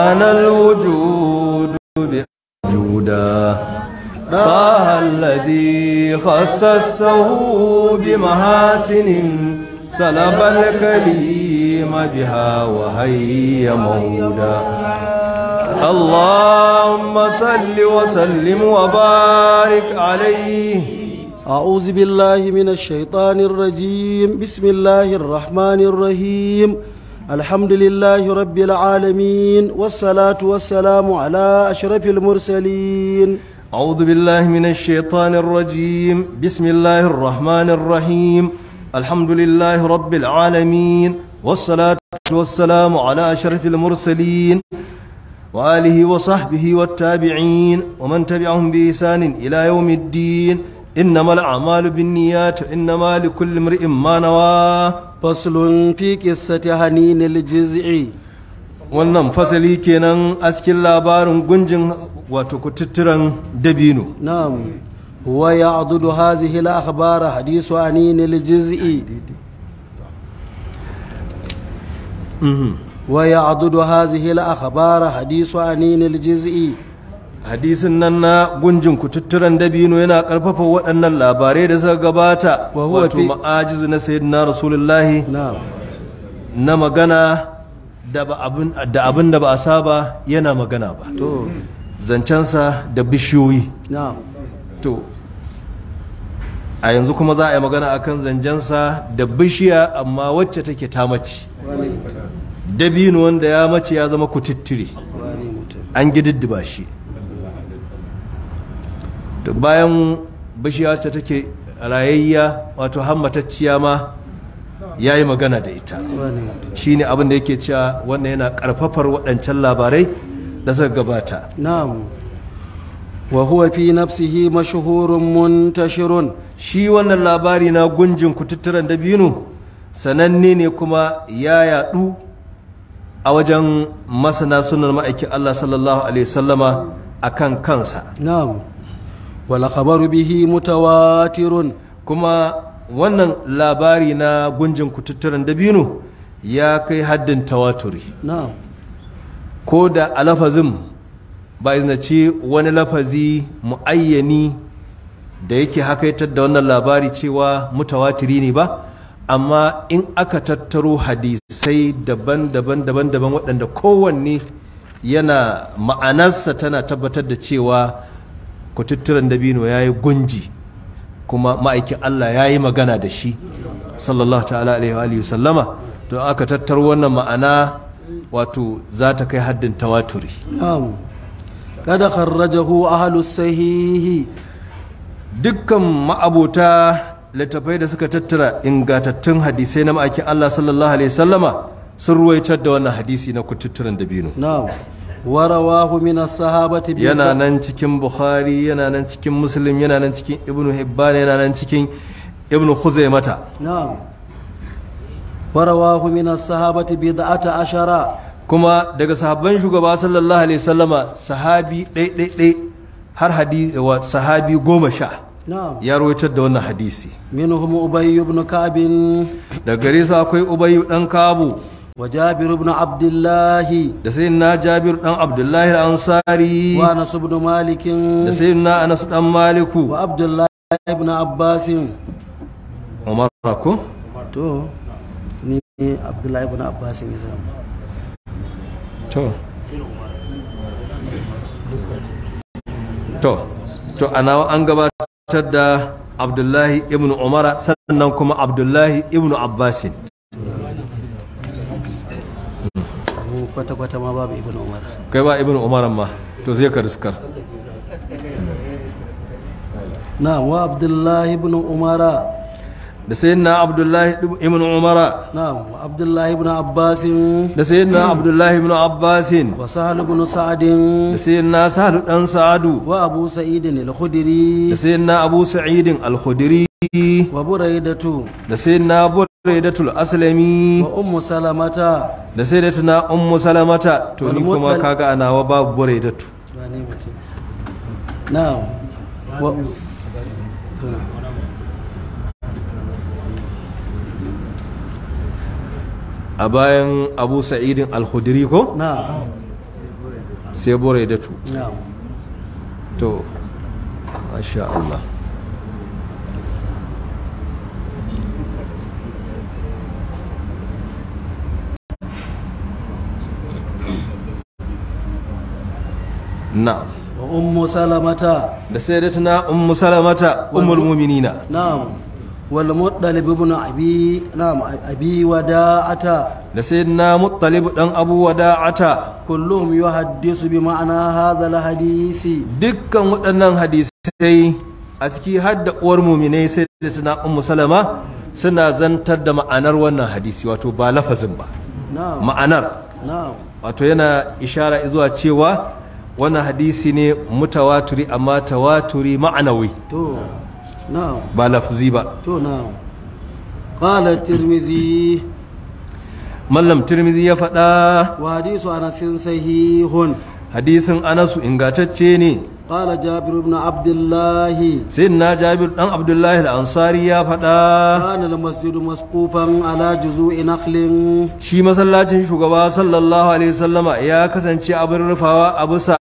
كان الوجود بوجودا طه الذي خصصه بمحاسن سلب الكريم بها وهي مودا اللهم صل وسلم وبارك عليه أعوذ بالله من الشيطان الرجيم بسم الله الرحمن الرحيم الحمد لله رب العالمين والصلاة والسلام على أشرف المرسلين أعوذ بالله من الشيطان الرجيم بسم الله الرحمن الرحيم الحمد لله رب العالمين والصلاة والسلام على أشرف المرسلين وآله وصحبه والتابعين ومن تبعهم بإحسان إلى يوم الدين إنما الأعمال بالنيات إنما لكل امرئ ما نوى فصل في قصة هنين الجزء wannan fasali kenan askin labarin gunjin wato kututturan dabino na'am wa ya'dudu hazihi al-akhbar hadithu anin al mhm. wa ya'dudu hazihi al-akhbar hadithu anin al hadisin nan na gunjin kututturan dabino yana karfafa waɗannan labarai da suka gabata wato ma'ajizu na sayyidina rasulullahi na magana da abin da ba a saba yana magana ba zancensa da bishiyoyi a yanzu kuma za a yi magana a kan zancensa da bishiya amma wacce take ta mace dabino wanda ya mace ya zama kututture an gididdiba shi duk bayan bishiya ta take rayayya wato hammatacciya ma ya yi magana da ita shi ne abin da yake cewa wannan yana karfafar waɗancan labarai da suka gabata wa huwa fi nafsihi mashhurun muntashirun shi wannan labari na gunjin kututturen dabinu sananne ne kuma ya yaɗu a wajen masana sunan ma'aikin Allah sallallahu alaihi sallama akan kansa Wala khabaru bihi mutawatirun kuma wannan labari na gunjin kututturen dabino ya kai haddin tawaturi ko da a lafazin ba ce wani lafazi muayyani da yake hakaitar da wannan labari cewa mutawatiri ne ba amma in aka tattaro hadisai daban-daban daban-daban waɗanda kowanne yana ma'anarsa tana tabbatar da cewa kututturen dabino ya yi gunji kuma ma'aikin Allah ya yi magana da shi sallallahu ta'ala alaihi wa sallama don aka tattar wannan ma'ana wato za ta kai haddin tawaturi kada kharrajahu ahlus sahihi dukkan ma'abota littafai da suka tattara ingantattun hadisai na ma'aikin Allah sallallahu alaihi sallama sun ruwaitar da wannan hadisi na kututturen dabino warawahu min as-sahabati yana nan cikin bukhari yana nan cikin muslim yana nan cikin ibnu hibban yana nan cikin ibnu khuzaimata na'am warawahu min as-sahabati bid'ata ashara kuma daga sahabban shugaba sallallahu alaihi wasallama sahabi dai dai dai har hadisi wa sahabi goma sha ya rawaitar da wannan hadisi minhum ubayy ibn ka'b da gare su akwai ubayy dan kabu wa jabir ibn abdullah da sayyidina jabir dan abdullah ansari wa anas ibn malik da sayyidina anas dan maliku wa abdullah ibn abbas umar ko to ni abdullah ibn abbas ne sai to to to ana an gabatar da abdullahi ibn umara sannan kuma abdullahi ibn abbasin mu kwata-kwata ma babu ibn umar kai ba ibn umar ma to sai ka riskar na wa abdullahi ibn umara da sayyidina abdullahi ibn umara na'am abdullahi ibn abbas da sayyidina abdullahi ibn abbas wa sahal ibn sa'ad da sayyidina sahal dan sa'adu wa abu sa'id al-khudri da sayyidina abu sa'id al-khudri wa buraidatu da sayyidina buraidatul aslami wa ummu salamata da sayyidatuna ummu salamata to ni kuma kaga ana wa babu buraidatu na'am a bayan abu sa'idin alhudiri ko sai bore da tu to masha Allah na wa ummu salamata da sayyidatuna ummu salamata ummul mu'minina na'am والمطلب بن أبي نعم أبي وداعة لسيدنا مطلب دان أبو وداعة كلهم يحدث بمعنى هذا الحديث دكا مدنان حديثي أتكي حد ورمومني سيدتنا أم سلمة سنا زنتر دا معنار وانا حديثي واتو بالفزن با نعم معنار نعم واتو ينا إشارة إذوا تشيوا وانا حديثي ني متواتري أما تواتري معنوي تو ba lafzi ba to na'am qala tirmizi mallam tirmizi ya faɗa wa hadisu anasin sahihun hadisin anasu ingantacce ne قال جابر بن عبد الله سيدنا dan بن عبد ansari ya faɗa. kana da masjidu مسقوفا ala جزوء نخل shi masallacin shugaba sallallahu alaihi wasallama ya kasance abin rufawa a bisa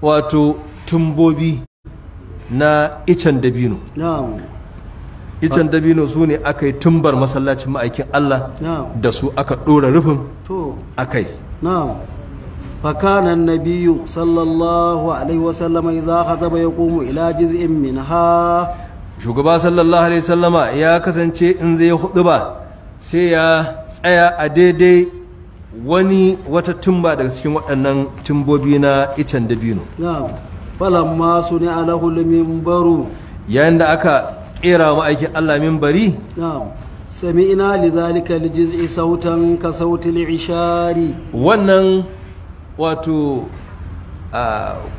wato tumbobi na icen dabino icen ah. dabino su ne aka yi tumbar masallacin ma'aikin Allah da su aka ɗora rufin aka yi nabiyu sallallahu alaihi النبي صلى za ka وسلم ya خطب يقوم إلى min ha. shugaba sallallahu alaihi sallama ya kasance in zai hudu ba sai ya tsaya a daidai wani wata tumba daga cikin waɗannan tumbobi na icen dabino falamma su ne alahu mimbaru yayin da aka kera ma'aikin Allah mimbari sami'ina lidhalika lijiz'i sautan ka sautil ishari wannan wato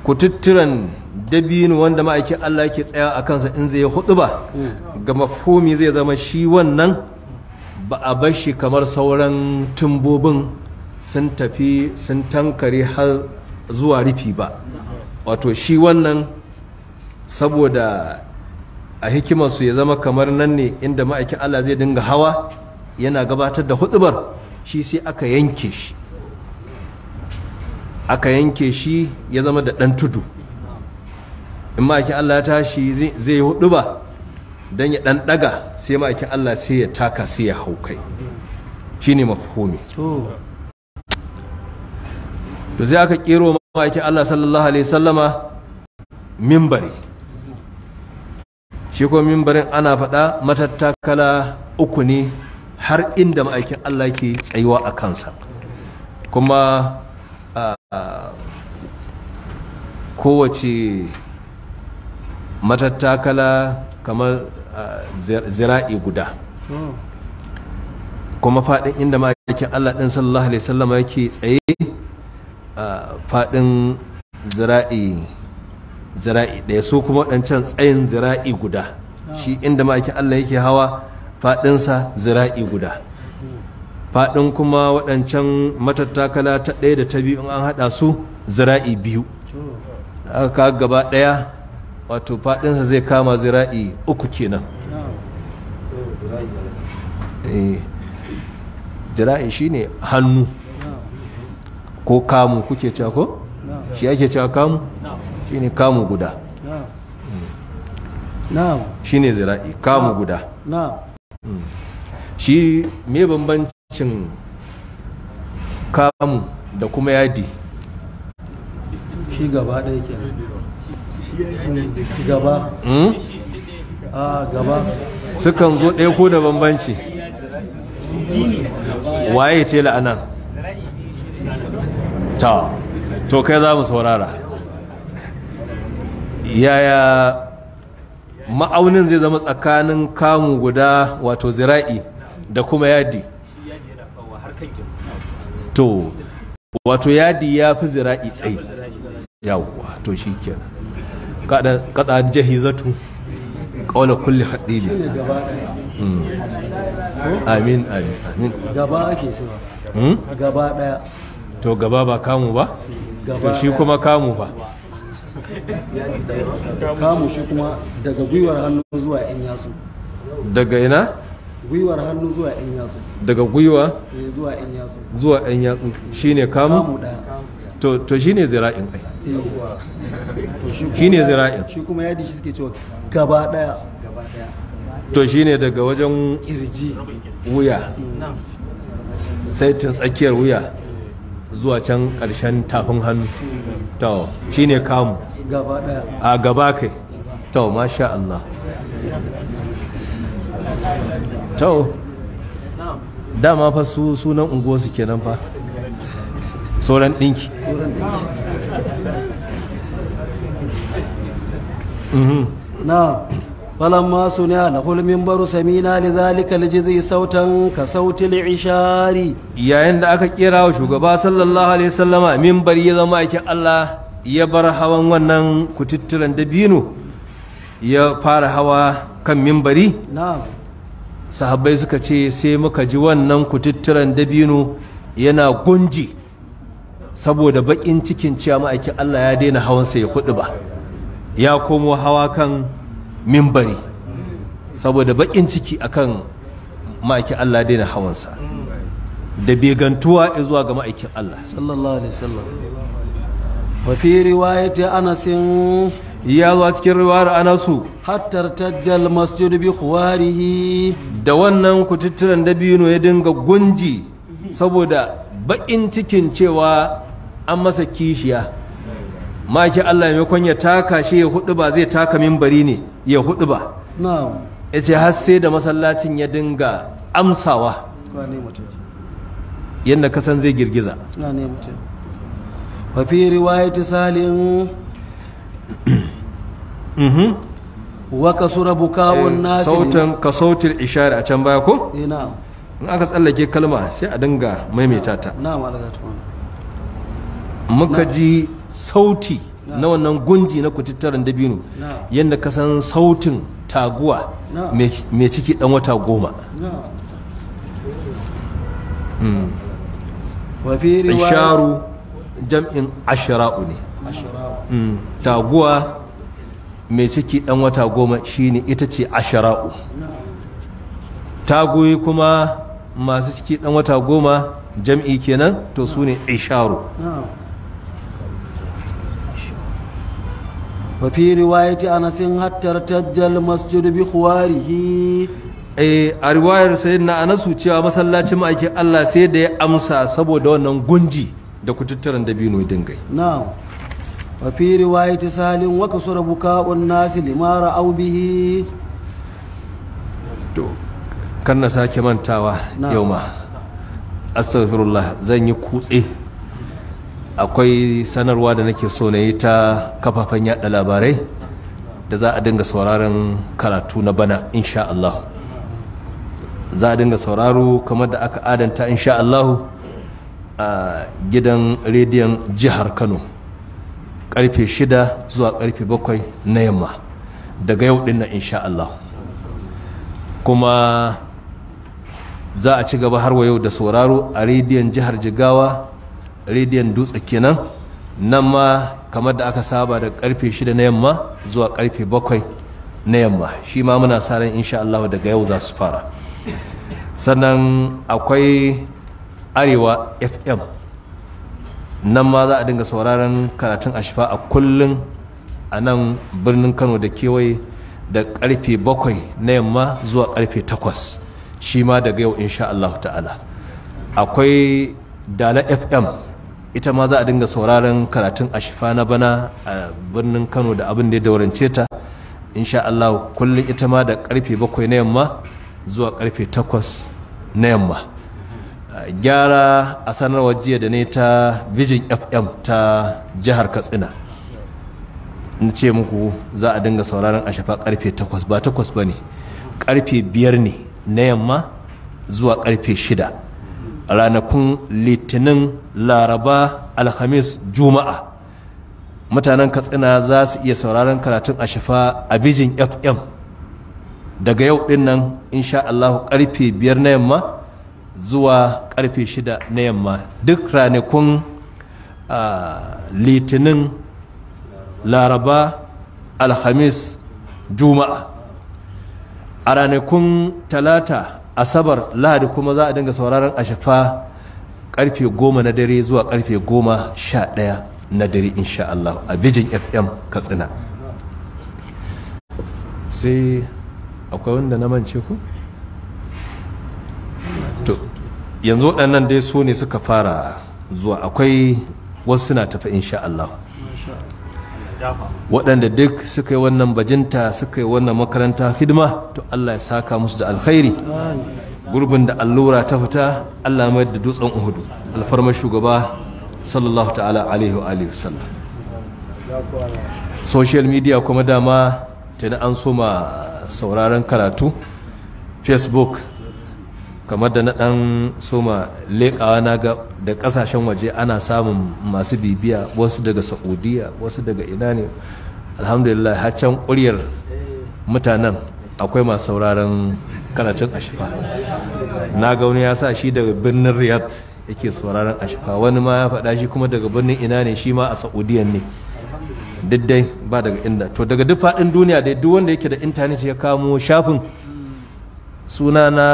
kututturan dabinu wanda ma'aikin Allah ke tsaya a kansa in zai hudu ba hmm. ga mafhumi zai zama shi wannan ba a bar shi kamar sauran tumbobin sun tafi sun tankare har zuwa rufi ba wato shi wannan saboda a hikimarsu ya zama kamar nan ne inda ma'aikin Allah zai dinga hawa yana gabatar da hudubar shi sai aka yanke shi aka yanke shi ya zama da ɗan tudu in ma'aikin Allah ya tashi zai yi huduba don ya ɗan ɗaga sai ma'aikin Allah sai ya taka sai ya hau kai shi ne mafi to zai aka ma'aikin Allah sallallahu alaihi sallama mimbari shi kuma mimbarin ana faɗa matattakala uku ne har inda ma'aikin Allah ke tsayuwa a kansa kuma kowace matattakala kamar zira'i guda kuma faɗin inda ma'aikin Allah ɗin sallallahu alaihi sallama yake tsaye faɗin zira'i zira'i ɗaya su kuma waɗancan tsayin zira'i guda shi inda ma'aikin Allah yake hawa faɗinsa zira'i guda faɗin kuma waɗancan matattakala ta ɗaya da ta biyu in an haɗa su zira'i biyu aka gaba ɗaya wato faɗinsa zai kama zira'i uku kenan eh, zira'i ne hannu ko kamu kuke cewa ko shi ake cewa kamu shine kamu guda mm. shine zira'i kamu guda mm. shi me bambancin kamu da kuma yadi shi gaba ɗaya ke gaba mm? a gaba sukan zo ɗaya ko da bambanci waye ce la'anan ta to kai za mu saurara yaya ma'aunin zai zama tsakanin kamu guda wato zira'i da kuma yadi to wato yadi ya fi zira'i tsayi yawwa to shi ke kada jahizatu kulle kulli hadili hmm. amin amin amin gaba ake cewa hmm? gaba ɗaya. to gaba ba kamu ba to shi kuma kamu ba kamu shi kuma daga gwiwar hannu zuwa yan yatsu daga ina gwiwar hannu zuwa yan yatsu daga gwiwa eh, zuwa yan yatsu zuwa yan yatsu shine kamu to to shine zira'in ai eh, shine zira'in shi kuma yadi shi suke cewa gaba daya to shine daga wajen kirji wuya saitin tsakiyar wuya zuwa can ƙarshen tafin hannu to ne kamu a gaba kai to masha Allah to dama fa su sunan su kenan fa sauran ɗinki mhm. na فلما سمع له المنبر سمينا لذلك الجزي صوتا كصوت العشار yayin da aka كيرا wa shugaba sallallahu alaihi وسلم منبر ya zama الله Allah ya bar hawan wannan kututturan dabino ya fara hawa kan minbari sahabbai suka ce sai muka ji wannan kututturan dabino yana gunji saboda bakin cikin cewa ma'aikin Allah ya daina hawan sa ya kudu ba ya komo hawa kan mimbari saboda bakin ciki akan ma'aikin Allah daina hawansa da begantuwa zuwa ga ma'aikin Allah sallallahu alaihi wasallam wa fi riwayati Anas ya zuwa cikin riwayar Anasu hattar tajjal masjid bi khuwarihi da wannan kututturan dabino ya dinga gunji saboda bakin cikin cewa an masa kishiya maki Allah ya maimakon ya taka shi ya hudu ba zai taka mimbari ne ya hudu ba ya ce har sai da masallacin ya dinga amsawa yadda kasan zai girgiza wafi ta salin waka sura bukawun nasi sautin ka sautin ishari a can baya ko? Eh, in aka tsallake kalma sai a dinga maimaita ta muka ji sauti na wannan gunji na kututturen dabino yadda ka san sautin taguwa mai ciki dan wata goma hmm. isharu jam'in ashira'u ne hmm. taguwa mai ciki dan wata goma shine ita ce ashira'u Taguwa kuma masu ciki dan wata goma jam'i kenan to su ne isharu وفي رواية أنس حتى ارتج المسجد بخواره eh a riwayar na Anas cewa masallacin ake Allah sai da ya amsa saboda wannan gunji da kututturan dabino dingai na'am wa fi riwayati salim wa kasura buka'un nas lima ra'aw bihi to kan na sake mantawa yau ma astaghfirullah zan yi kutse akwai sanarwa da nake so na yi ta kafafen yada labarai da za a dinga sauraron karatu na bana insha Allah za a dinga sauraro kamar da aka adanta insha Allah a gidan rediyon jihar Kano karfe shida zuwa karfe bakwai na yamma daga yau dinnan insha Allah kuma za a ci gaba har wa yau da sauraro a rediyon jihar Jigawa rediyon dutse kenan nan ma kamar da aka saba da karfe shida na yamma zuwa karfe bakwai na yamma shi ma muna sa ran insha Allah daga yau za su fara sannan akwai arewa fm nan ma za a dinga sauraron karatun ashifa a kullun a nan birnin kano da kewaye da karfe bakwai na yamma zuwa karfe takwas shi ma daga yau insha Allah ta'ala akwai dala fm ita ma za a dinga sauraron karatun ashifa na bana a birnin kano da abin da ya daurance ta insha Allah kullum ita ma da karfe bakwai na yamma zuwa karfe takwas na yamma gyara a sanarwar jiya da ne ta vision fm ta jihar katsina in ce muku za a dinga sauraron ashifa karfe takwas ba takwas ba ne karfe biyar ne na yamma zuwa karfe shida ranakun litinin laraba alhamis juma'a mutanen katsina za su iya sauraron karatun a shafa a bijin fm daga yau din nan insha allahu karfe biyar na yamma zuwa karfe shida na yamma duk ranakun litinin laraba alhamis juma'a a ranakun talata asabar lahadi kuma za a dinga sauraron ashafa karfe goma na dare zuwa karfe goma sha daya na dare insha Allah a Bijin FM Katsina sai akwai wanda na mance ku? to yanzu waɗannan dai su ne suka fara zuwa akwai wasu na tafi insha Allah waɗanda duk suka yi wannan bajinta suka yi wannan makaranta hidima to Allah ya saka musu da alkhairi gurbin da allura ta fita Allah mai da dutsen uhudu alfarmar shugaba sallallahu ta'ala alaihi wa alihi wasallam social media kuma dama tana an soma sauraron karatu facebook kamar da na ɗan soma leƙawa na ga da ƙasashen waje ana samun masu bibiya wasu daga saudiya wasu daga ina ne alhamdulillah haccan ƙuryar mutanen akwai masu sauraron karatun ashifa na ga wani ya sa shi daga birnin riyad yake sauraron ashifa wani ma ya faɗa shi kuma daga birnin ina ne shi ma a saudiyan ne duk dai ba daga inda to daga duk faɗin duniya dai duk wanda yake da intanet ya kamo shafin suna na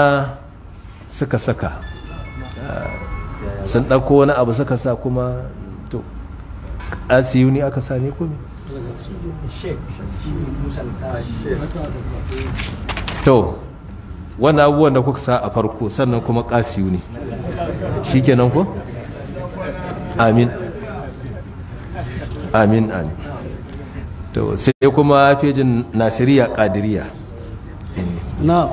suka saka sun ɗauko wani abu suka sa kuma to asiyu ne aka sa ne ko to wani abubuwan da kuka sa a farko sannan kuma ƙasiyu ne shi kenan ko? amin amin amin to sai kuma fejin nasiriya ƙadiriya na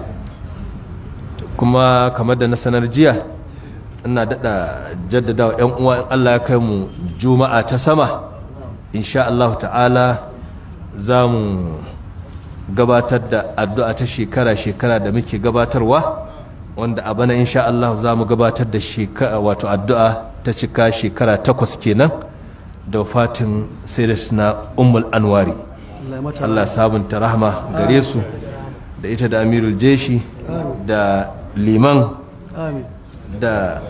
kuma kamar da na sanar jiya ina daɗa jaddadawa 'yan uwa in Allah ya kai mu juma'a ta sama insha Allah ta'ala za mu gabatar da addu'a ta shekara-shekara da muke gabatarwa wanda a bana insha Allah za mu gabatar da shekara wato addu'a ta cika shekara takwas kenan da fatin suna umul anwari Allah sabunta rahama gare su da ita da amirul jeshi da liman da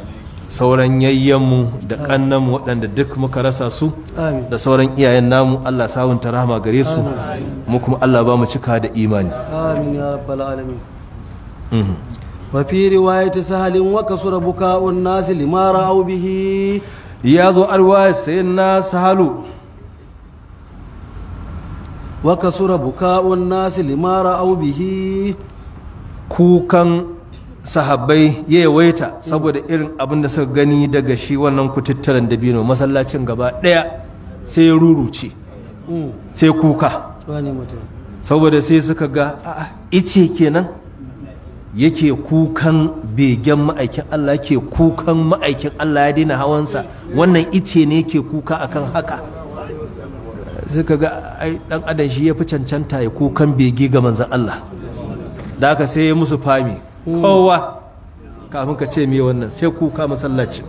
sauran yayyanmu da kannanmu waɗanda duk muka rasa su da sauran iyayen namu Allah sawunta rahama gare su mu kuma Allah ba mu cika da imani amin ya rabbal alamin mhm. wa fi riwayati sahalin wa kasura buka'un nas lima ra'aw bihi ya zo arwaya sayyidina sahalu wa kasura buka'un nas lima ra'aw bihi kukan sahabbai ya yawaita saboda irin abin da suka gani daga shi wannan kututturen dabino masallacin gaba ɗaya sai ya ruruce sai kuka saboda sai suka ga ice kenan yake kukan begen ma'aikin Allah ke kukan ma'aikin Allah ya daina hawansa wannan ice ne ke kuka akan haka suka ga ai dan adam shi ya fi cancanta ya kukan bege ga manzan Allah da haka sai ya musu fami kowa kafin ka ce me wannan sai kuka masallaci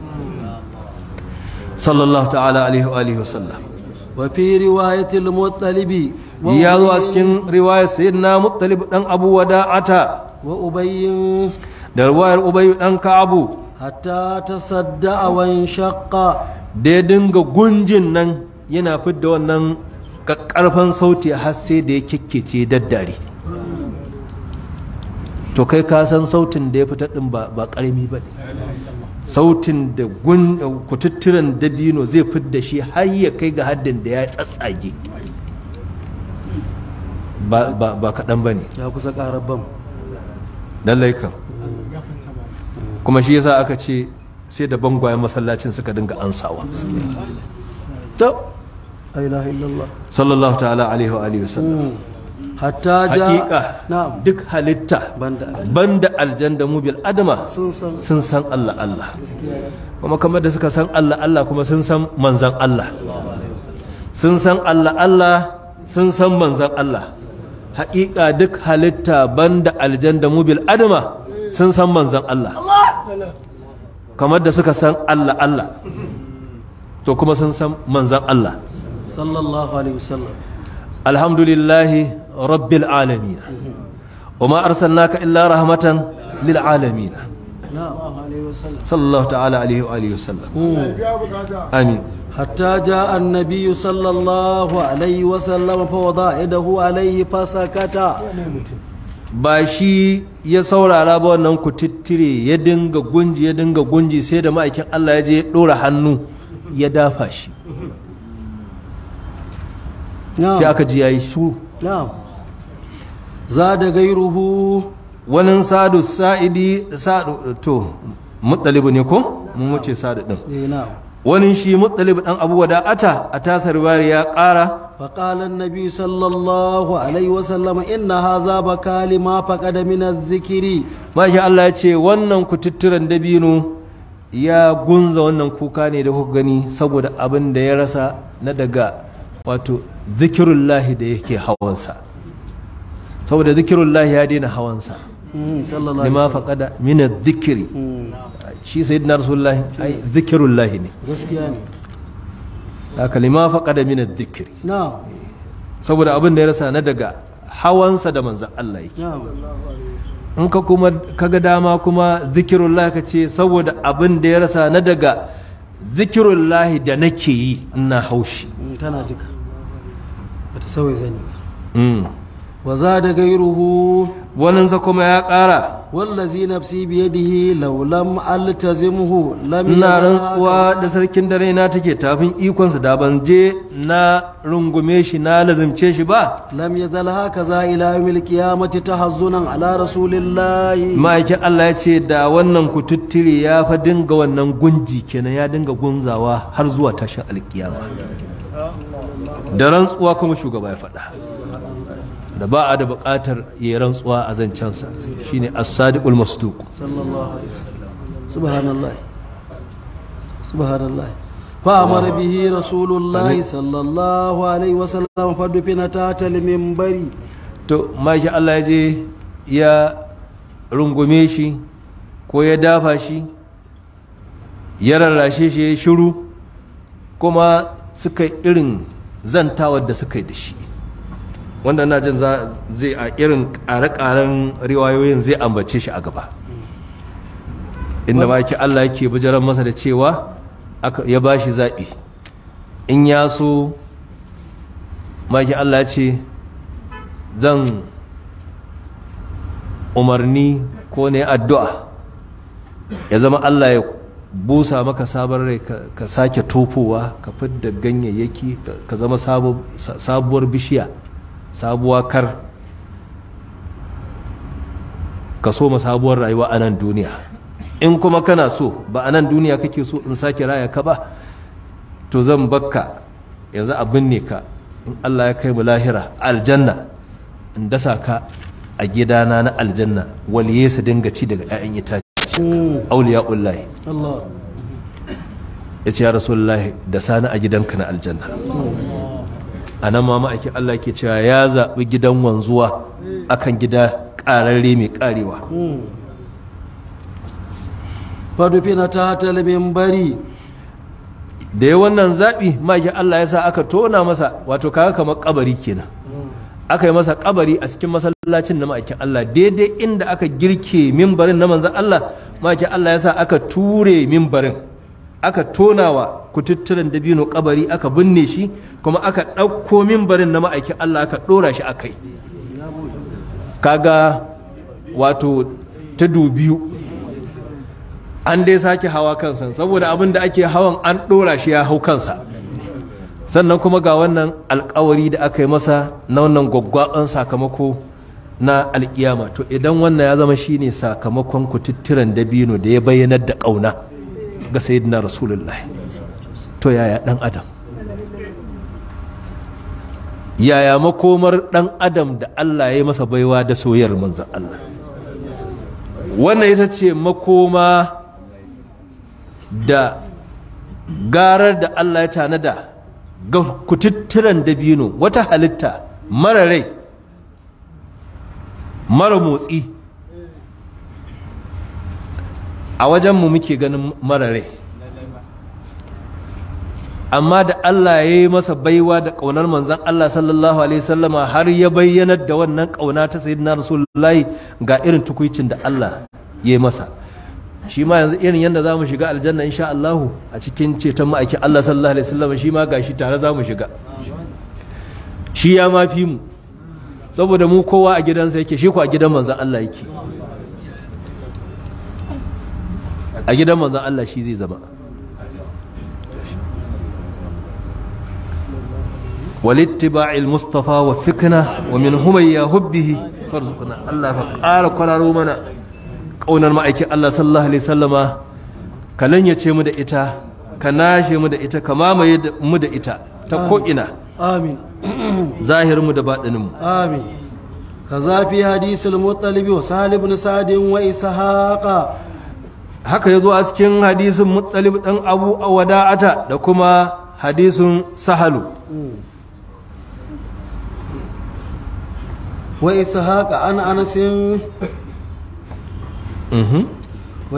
sallallahu ta'ala alaihi wa alihi wasallam wa fi riwayatil muttalibi ya zo a cikin riwayar sayyidina muttalib dan abu wada'ata wa ubayyin da ruwayar ubayyu dan ka'abu hatta tasadda'a wa inshaqqa da ya dinga gunjin nan yana fidda wannan ƙarfan sauti har sai da ya kikkece daddare to kai ka san sautin da ya fita din ba karami ba ne sautin da gun kututturen dabino zai fidda shi har ya kai ga haddin da ya tsatsage ba kaɗan ba ne ya kusa ƙarar bam lallai kan kuma shi yasa aka ce sai da bangwayen masallacin suka dinga ansawa sallallahu ta'ala alaihi wa sallam mm. hatta haƙiƙa duk halitta banda aljanda mu bil adama sun san Allah Allah kuma kamar da suka san Allah Allah kuma sun san manzan Allah sun san Allah Allah sun san manzan Allah haƙiƙa duk halitta banda aljanda mu bil adama sun san manzan Allah kamar da suka san Allah Allah to kuma sun san manzan Allah sallallahu alaihi wasallam alhamdulillahi rabbil alamin وما أرسلناك إلا رحمة للعالمين صلى الله تعالى عليه وآله وسلم آمين حتى جاء النبي صلى الله عليه وسلم فوضع يده عليه فسكت ba shi ya saurara ba wannan ku tittire ya dinga gunji ya dinga gunji sai da ma'aikin Allah ya je ɗora hannu ya dafa shi sai aka ji yayi zada gairuhu wani sadu sa'idi sadu to muttalibu ne ko mun wuce sadu din eh, wani shi muttalibu dan abu ata a tasar bari ya kara فقال النبي sallallahu alaihi عليه وسلم إن هذا بكالي ما فقد من الذكر ما Allah ya ce wannan kututturan dabino ya gunza wannan kuka ne da kuka gani saboda abin da ya rasa na daga wato zikirullahi da yake hawansa saboda zikirullahi ya daina hawansa hmm, lima faqada min mina zikiri hmm. shi sayyidina rasulullahi ai zikirullahi ne gaskiya ne haka lima faqada min mina zikiri saboda abin da ya rasa na daga hawansa da manzan Allah yake in ka kuma kaga dama kuma zikirullahi ka ce saboda abin da ya rasa na daga zikirullahi da nake yi ina haushi hmm, tana jika bata sauya zani ba wa za da gairuhu waninsa kuma ya ƙara wallazi nafsi biyadihi da yi lam ina rantsuwa da sarkin dare na take tafin ikonsa da ban je na rungume shi na lazimce shi ba lam zala haka za ila yawmil ta tahazzunan ala rasulillahi ma'aikin Allah ya ce da wannan kututtire ya fa dinga wannan gunji kenan ya dinga gunzawa har zuwa tashin alkiyama da rantsuwa kuma shugaba ya faɗa da ba a da buƙatar ya yi rantsuwa a zancensa shine as-sadiqul masduq sallallahu alaihi wasallam subhanallah subhanallah فأمر به رسول الله صلى الله عليه وسلم فدفن تحت المنبر to mashi Allah ya je ya rungume shi ko ya dafa shi ya rarrashe shi ya shiru kuma suka irin zantawar da suka yi da shi wanda na jin zai a irin ƙare-ƙaren riwayoyin zai ambace shi a gaba inda ma Allah yake bijiran masa da cewa ya ba shi zaɓi in ya so maki Allah ce zan umarni ko ne addu'a ya zama Allah ya busa maka sabon rai ka sake tofowa ka fidda ganyayyaki ka zama sabuwar bishiya sabuwa kar ka so ma sabuwar rayuwa a nan duniya in kuma kana so ba a nan duniya kake so in sake raya ka ba to zan bakka yanzu abin ne ka in Allah ya kai mu lahira aljanna in dasa ka a gidana na aljanna wal su dinga ci daga 'ya'yan itace oh. ullahi Allah ya ce ya rasulullahi da sani a gidanka na aljanna a nan ma ma'aikin Allah ke cewa ya zaɓi gidan wanzuwa akan gida ƙararre mai ƙarewa na ta hatalibin bari da ya wannan zaɓi ma'aikin Allah ya sa aka tona masa wato kaga kamar ke kenan aka yi masa ƙabari a cikin masallacin na ma'aikin Allah daidai inda aka girke mimbarin na manzan Allah ma'aikin Allah ya sa aka ture mimbarin aka tonawa kututturen dabino kabari aka binne shi kuma aka ɗauko mimbarin na ma'aikin Allah aka ɗora shi akai kaga wato ta biyu an dai sake hawa kansa saboda abin da ake hawan an ɗora shi ya hau kansa sannan kuma ga wannan alkawari da aka yi masa na wannan gwaggwaban sakamako na alƙiyama to idan wannan ya zama shine sakamakon kututturen dabino da ya bayyanar da ƙauna ga sayyidina rasulullah to yaya dan adam yaya makomar dan adam da Allah ya masa baiwa da soyayyar manzon Allah wannan ita ce makoma da garar da Allah ya tanada ga kututturan dabino wata halitta mara rai mara motsi a wajenmu muke ganin marare. amma da Allah ya yi masa baiwa da ƙaunar manzan Allah sallallahu alaihi sallama har ya bayyanar da wannan ƙauna ta sayyidina rasulullahi ga irin tukwicin da Allah ya yi masa shi ma yanzu irin yadda za mu shiga aljanna insha Allah a cikin ceton ma'aikin Allah sallallahu alaihi wasallam shi ma gashi tare za mu shiga shi ya ma mu saboda mu kowa a gidansa yake shi ko a gidan manzon Allah yake a gidan manzan Allah shi zai zama walittiba'il mustafa wa fikna wa min humayya hubbihi farzuqna Allah ka ƙara kwararo mana ƙaunar ma'aikin Allah sallallahu alaihi sallama ka lanyace mu da ita ka nashe mu da ita ka mamaye mu da ita ta ko'ina amin mu da baɗinmu. amin ka zafi hadisul muttalibi wa salib ibn sa'd wa ishaqa haka ya zo a cikin hadisun mutsalib ɗan abu a wada'ata da kuma hadisun sahalu wa haka an anasin a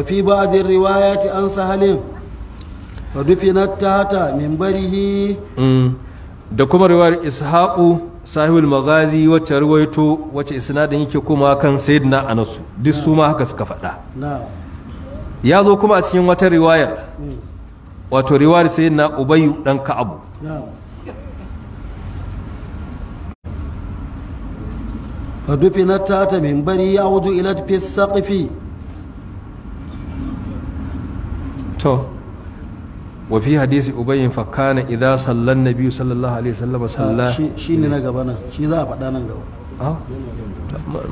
jin riwaya riwayati an sahalin wa dufinat tahta minbarihi mm. da kuma riwayar ishaqu sahibul magazi wacce ruwaito wacce isnadin yake kuma kan sayyidina anasu duk su ma haka suka faɗa na'am ya zo kuma a cikin wata riwayar wato riwayar sai na ubayu dan ka'abu فدفنت تحت منبري يعود إلى في السقف تو وفي حديث أبي فكان إذا صلى النبي صلى الله عليه وسلم صلى شي ne na gaba na shi za a faɗa nan gaba ah,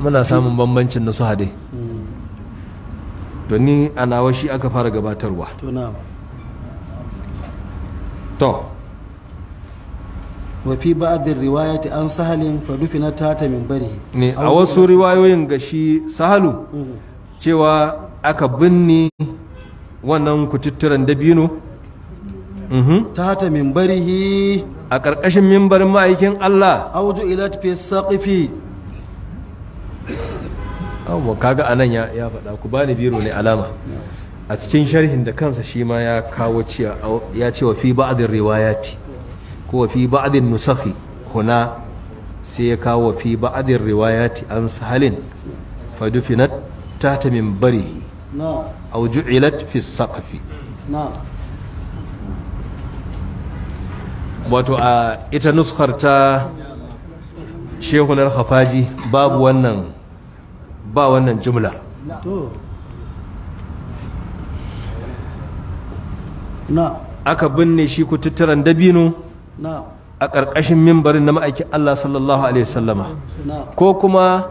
muna samun bambancin nasu hade hmm. to ni a nawa shi aka fara gabatarwa to wafi ba'adin riwayati an sahalin fadufi na tata min bari ne a wasu riwayoyin ga shi sahalu mm-hmm. cewa aka binne wannan kututturen dabino mm-hmm. tata min barihi a ƙarƙashin mimbarin ma'aikin Allah auju ila tafi saƙifi abubuwa kaga anan ya ya faɗa ku bani biro ne alama a cikin sharhin da kansa shi ma ya kawo cewa ya ce wa fi ba'adin riwayati ko wa fi ba'adin nusafi kuna sai ya kawo wa fi ba'adin riwayati an sahalin fadufinat tatamin min a aw ju'ilat fi saƙafi. wato a ita nuskar ta shehunar hafaji babu wannan ba wannan jimla aka binne shi tattaran dabino a ƙarƙashin mimbarin na ma'aikin Allah sallallahu alaihi wasallama ko kuma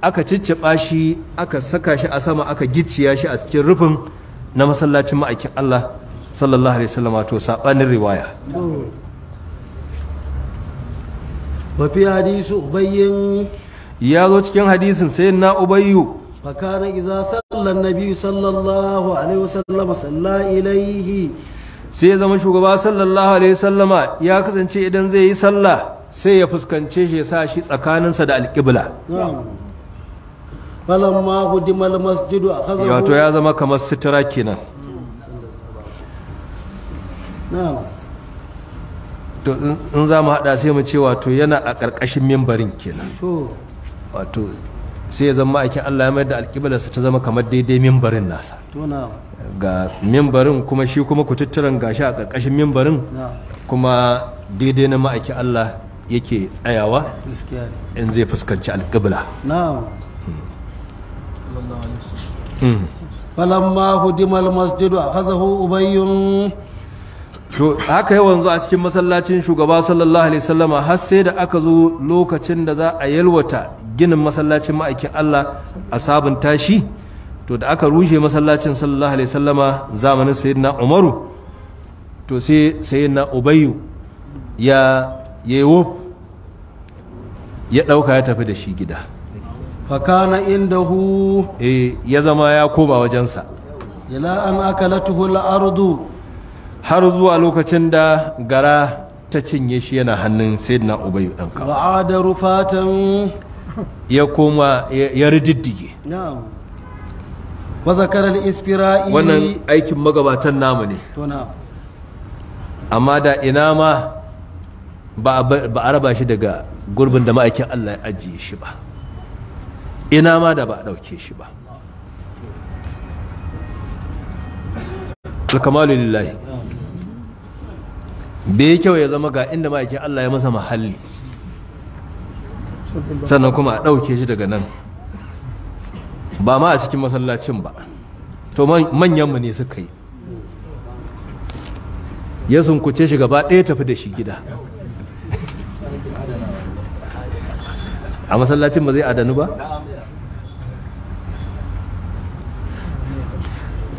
aka cicciɓa shi aka saka shi a sama aka gicciya shi a cikin rufin na masallacin ma'aikin Allah sallallahu alaihi wasallama to saɓanin riwaya ya zo cikin hadisin sai na ubayyu fakana iza sallan nabi sallallahu alaihi wasallam salla ilaihi sai ya zama shugaba sallallahu alaihi wasallama ya kasance idan zai yi sallah sai ya fuskance shi ya sa shi tsakaninsa da alƙibla falamma hudimal masjidu akhazahu wato ya zama kamar sutura kenan to in za mu haɗa sai mu ce wato yana a ƙarƙashin mimbarin kenan wato sai ya zama aikin Allah ya mayar da alƙiblarsa ta zama kamar daidai mimbarin nasa ga mimbarin kuma shi kuma ku kututturan gashi a ƙarƙashin mimbarin kuma daidai na ma'aikin Allah yake tsayawa in zai fuskanci alƙibla hmm. Hmm. falamma hudimal masjidu akhazahu ubayyun to haka yi wanzu a cikin masallacin shugaba sallallahu alaihi sallama har sai da aka zo lokacin da za a yalwata ginin masallacin ma'aikin Allah a sabunta shi to da aka rushe masallacin sallallahu alaihi sallama zamanin sayyidina Umaru to sai sayyidina Ubayu ya yewo ya dauka ya tafi da shi gida fakana indahu eh ya zama ya koba wajensa ila an akalatuhu al-ardu har zuwa lokacin da gara ta cinye shi yana hannun sayyidina ubayyu dan kawo wa'ada rufatan ya koma ya rididdige na'am wannan aikin magabatan namu ne to na'am amma da ina ma ba a raba shi daga gurbin da ma'aikin Allah ya ajiye shi ba ina ma da ba a ɗauke shi ba alkamalu lillahi bai kyau ya zama ga inda ma'aikin Allah ya masa mahalli sannan kuma a ɗauke shi daga nan ba ma a cikin masallacin ba to mu ne suka yi ya sunkuce shi gaba ɗaya tafi da shi gida a masallacin ba zai adanu ba?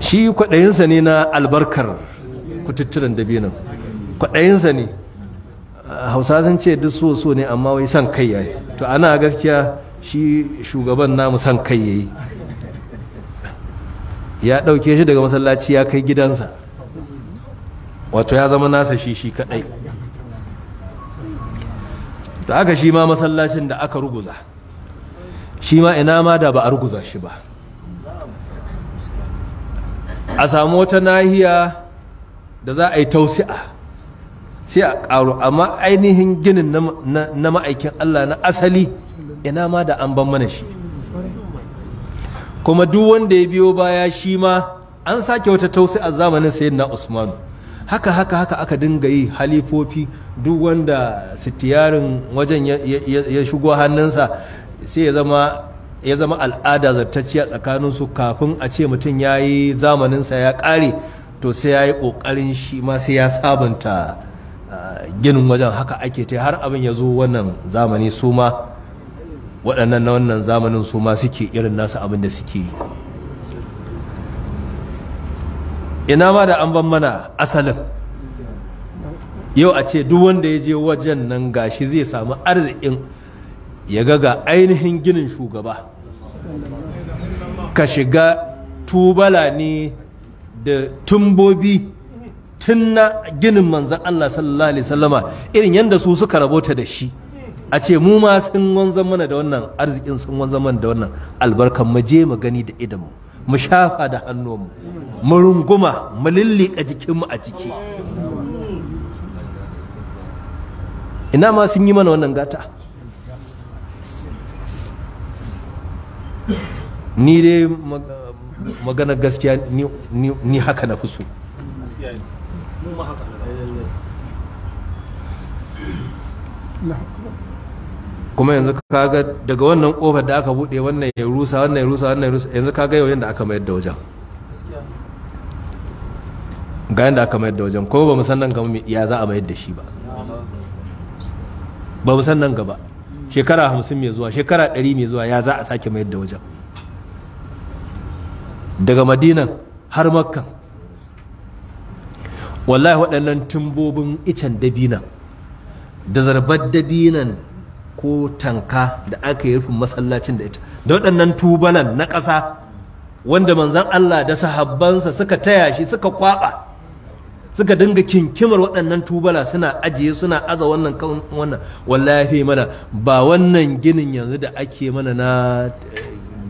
shi kwaɗayinsa ne na albarkar kututturen dabinan kwaɗayinsa ne hausa sun ce duk so so ne amma wai san kai yayi to ana gaskiya shi shugaban namu san kai yayi ya ɗauke shi daga masallaci ya kai gidansa wato ya zama nasa shi shi kaɗai da aka shi ma masallacin da aka ruguza shi ma ina ma da ba a ruguza shi ba a samu wata nahiya da za a yi tausi'a sai a ƙaru amma ainihin ginin na ma'aikin Allah na asali ina ma da an ban mana shi kuma duk wanda ya biyo baya shi ma an sake wata tausi'a zamanin zamanin na Usman haka haka haka aka dinga yi halifofi duk wanda sitiyarin wajen ya shigo hannunsa sai ya zama ya zama al'ada zartacciya su kafin a ce mutum ya yi zamaninsa ya ƙare to sai ya yi ƙoƙarin shi ma sai ya sabunta ah, ginin wajen haka ake ta har abin ya zo wannan zamani su ma waɗannan na wannan zamanin su ma suke irin nasu abin da suke yi ina ma da an ban mana asalin yau a ce duk wanda ya je wajen nan gashi zai samu arzikin ya ga ga ainihin ginin shugaba ka shiga tubala ne da tumbobi tun na ginin manzan Allah sallallahu alaihi wasallama irin yadda su suka rabota da shi a ce mu ma sun wanzan mana da wannan arzikin sun wanzan mana da wannan albarkan mu je mu gani da idanmu mu shafa da hannunmu mu runguma mu lillika jikinmu a jiki ina ma sun yi mana wannan gata ni dai magana gaskiya ni haka na kusu. kuma yanzu kaga daga wannan kofar da aka bude wannan ya rusa wannan ya rusa wannan ya rusa yanzu kaga yau yanda aka mayar da wajen ga yanda aka mayar da wajen kuma ba mu san nan gaba ya za a mayar da shi ba ba mu san nan gaba shekara hamsin mai zuwa shekara ɗari mai zuwa ya za a sake mayar da wajen daga madinan har makka wallahi waɗannan tumbobin icen dabinan da zarbar dabinan ko tanka da aka yi rufin masallacin da ita da waɗannan tubalan na ƙasa wanda manzan Allah da sahabbansa suka taya shi suka kwaɓa suka dinga kinkimar waɗannan tubala suna ajiye suna aza wannan wannan wallahi mana ba wannan ginin yanzu da ake mana na eh,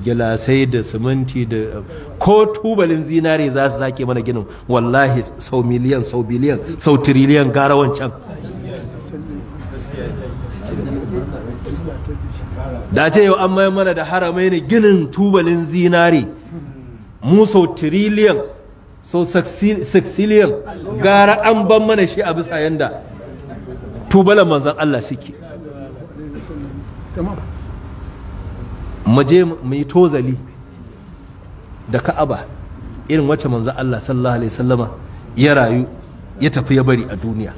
gilasai da siminti da ko tubalin zinare za su sake mana ginin wallahi sau miliyan sau biliyan sau tiriliyan gara wancan da ce yau an mai mana da haramai ne ginin tubalin zinare mu sau tiriliyan so saksiliyan gara an ban mana shi a bisa yanda tubalan manzan Allah suke mu je mu yi tozali da ka'aba irin wacce manzan Allah sallallahu alaihi sallama ya rayu ya tafi ya bari a duniya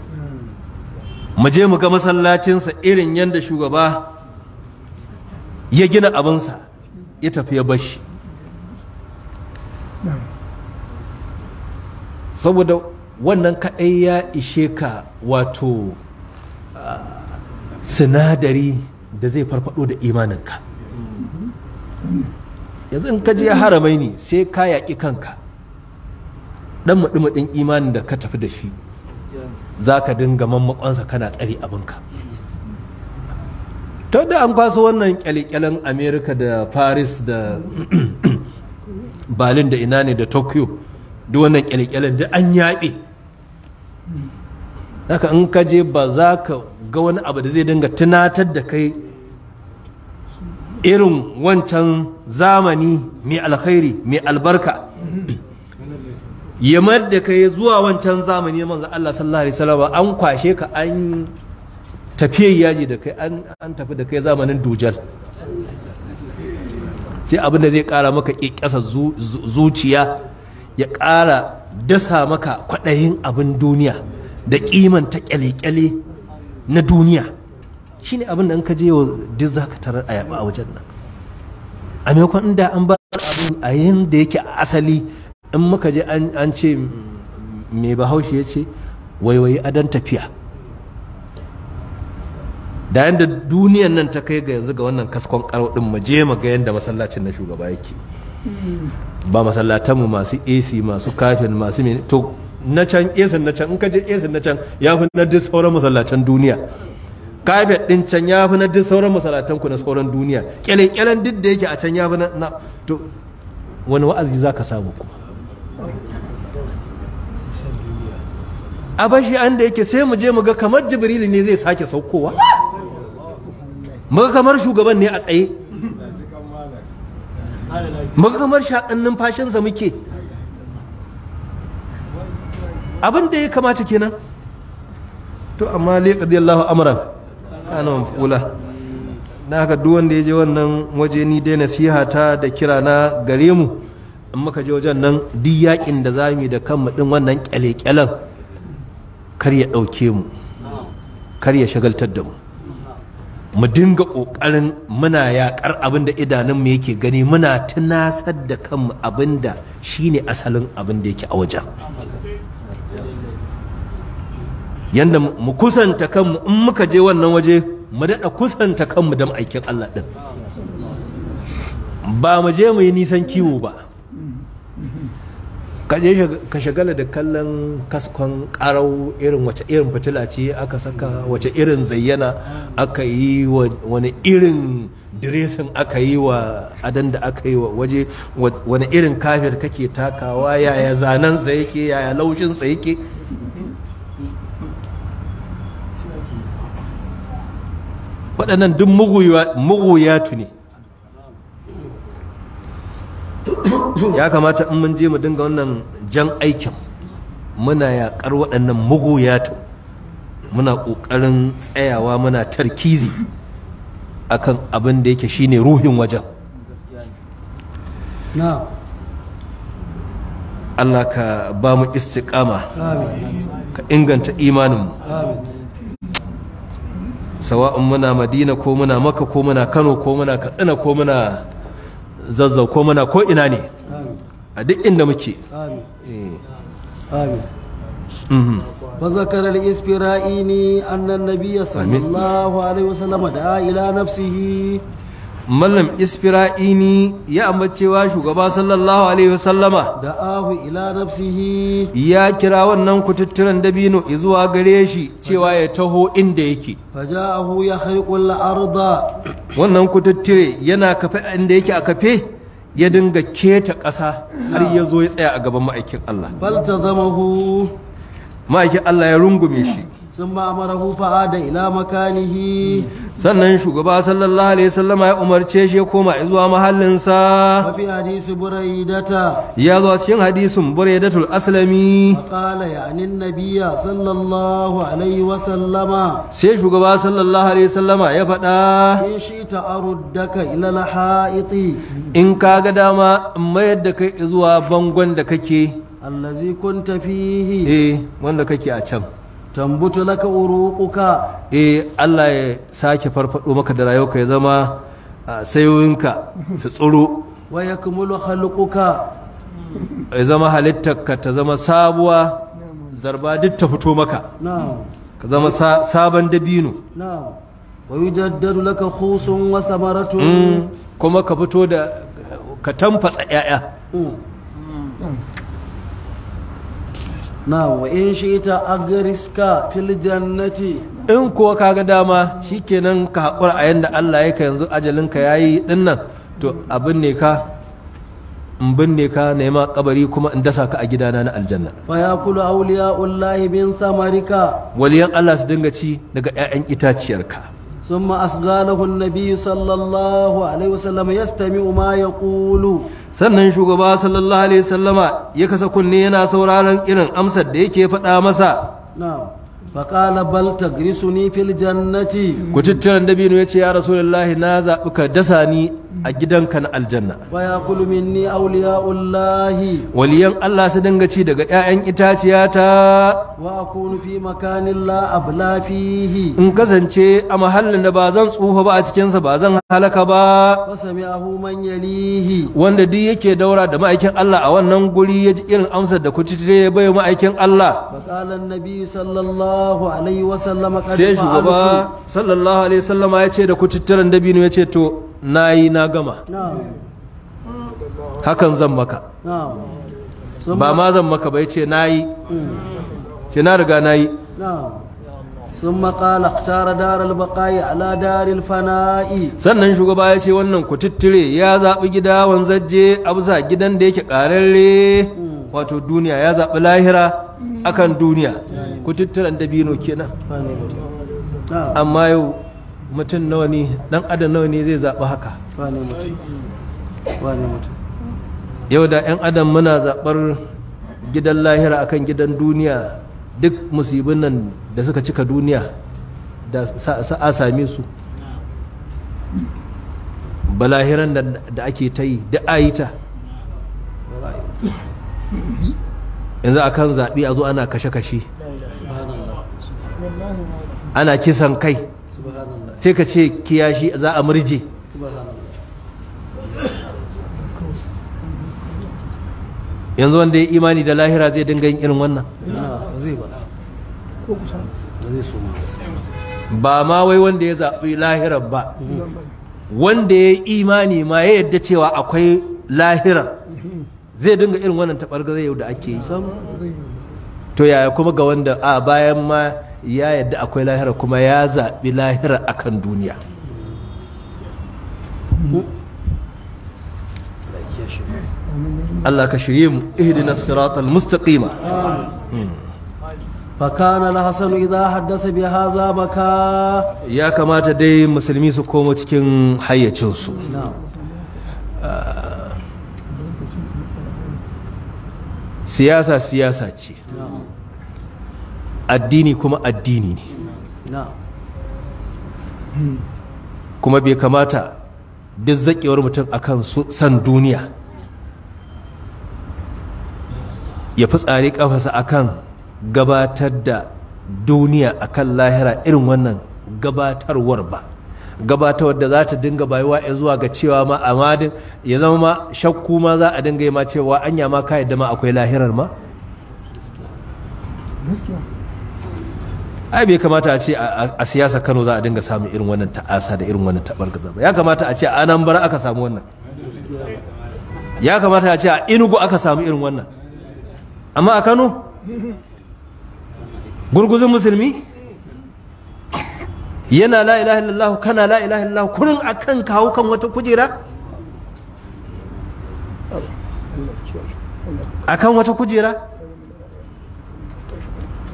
mu je mu ga masallacinsa irin yadda shugaba ya gina abinsa ya tafi ya bashi saboda wannan kaɗai ya ishe ka wato ah, sinadari da zai farfado da imaninka yanzu in ka je haramai ne sai ka yaƙi kanka ɗan maɗi imanin da ka tafi da shi za ka dinga mammakonsa kana tsari abinka ta da an kwaso wannan kyale amerika da paris da balin da ina ne da tokyo duk wannan kyalkyalan da an yaɓe haka in ka je ba za ka ga wani abu da zai dinga tunatar da kai irin wancan zamani mai alkhairi mai albarka yamar da yi zuwa wancan zamani manzo Allah sallallahu alaihi wasallam an kwashe ka an tafiye yaji da kai an tafi da kai zamanin dujal sai abin da zai kara maka kikkiasar zuciya ya ƙara dasa maka kwaɗayin abin duniya da ƙiman ta ƙyale-ƙyale na duniya shi ne abin da an kaje wa duk za ka tarar a yaba a wajen nan a maimakon inda an ba a yin da yake a asali in muka je an ce mai bahaushe ya ce waiwayi adon tafiya da yadda duniyan nan ta kai ga yanzu ga wannan kaskon karo din mu je mu ga yadda masallacin na shugaba yake ba masallatanmu masu AC masu kafin masu mene to na can esin na can in ka je esin na can ya fi na duk sauran masallatan duniya Kafin din can ya fi na duk sauran masallatan ku na sauran duniya kyalen kyalen duk da yake a can ya fi na to wani wa'azi za ka samu kuma a bashi an da yake sai mu je mu ga kamar jibril ne zai sake saukowa mu ga kamar shugaban ne a tsaye kamar shaƙan numfashinsa muke abin da ya kamata kenan to amma lai amuran amran kana mafula na haka duk wanda ya je wannan waje ni dai nasiha ta da kira na gare mu in muka je wajen nan duk yakin da yi da kanmu din wannan ƙyale-ƙyalen kar ya dauke mu kar ya shagaltar da mu mu dinga ƙoƙarin muna yaƙar abin da idanunmu yake gani muna tunasar da kanmu abin da shi ne asalin abin da yake a wajen yadda mu kusanta kanmu in muka je wannan waje mu daɗa kusanta kanmu da aikin Allah ɗin ba mu je mu yi nisan kiwo ba ka shagala da kallon kaskon karau irin wace irin fitila ce aka saka wace irin zayyana aka yi wani irin diresin aka yi wa adan da aka yi wa waje wani irin kafir kake takawa yaya zanensa yake yaya laushinsa yake waɗannan duk muguyatu ne ya kamata in mun je mu dinga wannan jan aikin muna yaƙar waɗannan mugoyatu muna ƙoƙarin tsayawa muna tarkizi akan abin da yake shine ruhin wajen Allah ka ba mu istiƙama ka inganta imaninmu sawa'un muna madina ko muna maka ko muna kano ko muna katsina ko muna Zazzau ko mana ko ina ne duk inda muke. Amin. Eh. Mhm. Faɗakarar ne annan na biya sannan wani wasu na bada ila na mallam isfira'ini ya ambacewa shugaba sallallahu alaihi wasallama da ahu ila nafsihi ya kira wannan kututturan dabino zuwa gare shi cewa ya taho inda yake faja'ahu ya khariqul arda wannan kututture yana kafe inda yake a kafe ya dinga keta ƙasa har ya zo ya tsaya a gaban ma'aikin Allah bal tazamahu ma'aikin Allah ya rungume shi sun hufa da ila makanihi sannan shugaba sallallahu alaihi wasallama ya umarce shi ya koma zuwa mahallinsa fi hadisi buraidata ya zo cikin hadisin buraidatul aslami qala anin nabiyya sallallahu alaihi wasallama sai shugaba sallallahu alaihi wasallama ya faɗa in shi ta'aruddaka ila lahaiti In ka ga dama mayar da kai zuwa bangon da kake allazi kunta fihi eh wanda kake a can tambutu laka uruquka eh Allah ya sake farfado maka da rayuwarka ya zama sayoyinka su tsuro wa yakmulu khalquka ya zama halittarka ta zama sabuwa zarba duk ta fito maka ka zama sabon dabino wa yujaddadu laka khusun wa thamaratun mm. kuma ka fito da ka tamfasa 'ya'ya mm. Mm. na wa in shi ta agriska fil jannati in kuwa kaga dama shikenan ka haƙura a yadda Allah ka yanzu ajalin ka yayi din nan to abin ne ka in binne ka nema kabari kuma in dasa ka a gidana na aljanna fa auliya ullahi bin samarika waliyan Allah su dinga ci daga 'ya'yan itaciyarka ثم أصغى له النبي صلى الله عليه وسلم يستمع ما يقول sannan shugaba sallallahu alaihi sallama ya kasa kunne yana sauraron irin amsar da yake faɗa masa faƙala bal tagrisuni fil jannati ku cicciran dabino ya ce ya rasulullahi na zaɓi ka dasa ni a gidanka na aljanna wa yaqulu minni awliya'ullahi waliyan Allah su dinga ci daga ƴaƴan ta. wa akunu fi makanin la abla fihi in kasance a mahallin da ba zan tsufa ba a cikin sa ba zan halaka ba wasami'ahu man yalihi wanda duk yake daura da ma'aikin Allah a wannan guri ya ji irin amsar da ku ya bai ma'aikin Allah wa qala annabi sallallahu alaihi wa sai shugaba sallallahu alaihi wa ya ce da kututturan dabino ya ce to na yi na gama hakan zan maka ba ma zan maka bai ce na yi hmm. ce na riga na yi sun makala tara darar baƙayi ala daril fana'i sannan shugaba ya ce wannan kutittire ya zaɓi gida wanzaje abusa gidan da yake ƙararre hmm. wato duniya ya zaɓi lahira akan duniya hmm. kutittiren dabino kenan amma yau mutum nawa ne dan adam nawa ne zai zaɓi haka yau da yan adam muna zaɓar gidan lahira akan gidan duniya duk musibin nan da suka cika duniya da sa'a same su balahiran da ake ta yi da ayita yanzu akan kan zaɓi a zo ana kashe-kashe ana kisan kai sai ka ce kiyashi za a murje yanzu wanda ya imani da lahira zai dinga yin irin wannan ba ma wai wanda ya zaɓi lahirar ba wanda ya imani ma ya yadda cewa akwai lahirar zai dinga irin wannan taɓargar yau da ake yi to yaya kuma ga wanda a bayan ma ya yadda akwai lahira kuma ya zaɓi lahira a kan duniya Allah ka shirye mu ihdina siratal mustaqima فكان الحسن اذا حدث ba ka? ya kamata dai musulmi su komo cikin hayyacinsu siyasa siyasa ce addini kuma addini ne kuma bai kamata duk zaƙewar mutum akan san duniya ya fi tsari ƙafasa akan gabatar da duniya akan lahira irin wannan gabatarwar ba gabatarwar da za ta dinga bayuwa ya zuwa ga cewa ma madin ya zama ma shakku ma za a dinga yi ma cewa anya ma ka yadda ma akwai lahirar ma ai bai kamata a ce a siyasa Kano za a dinga samun irin wannan ta'asa da irin wannan tabargaza ba ya kamata a ce a nan bara aka samu wannan ya kamata a ce a Inugu aka samu irin wannan amma a Kano gurguzin musulmi yana la ilaha illallah kana la ilaha illallah kurin akan kawo kan wata kujera akan wata kujera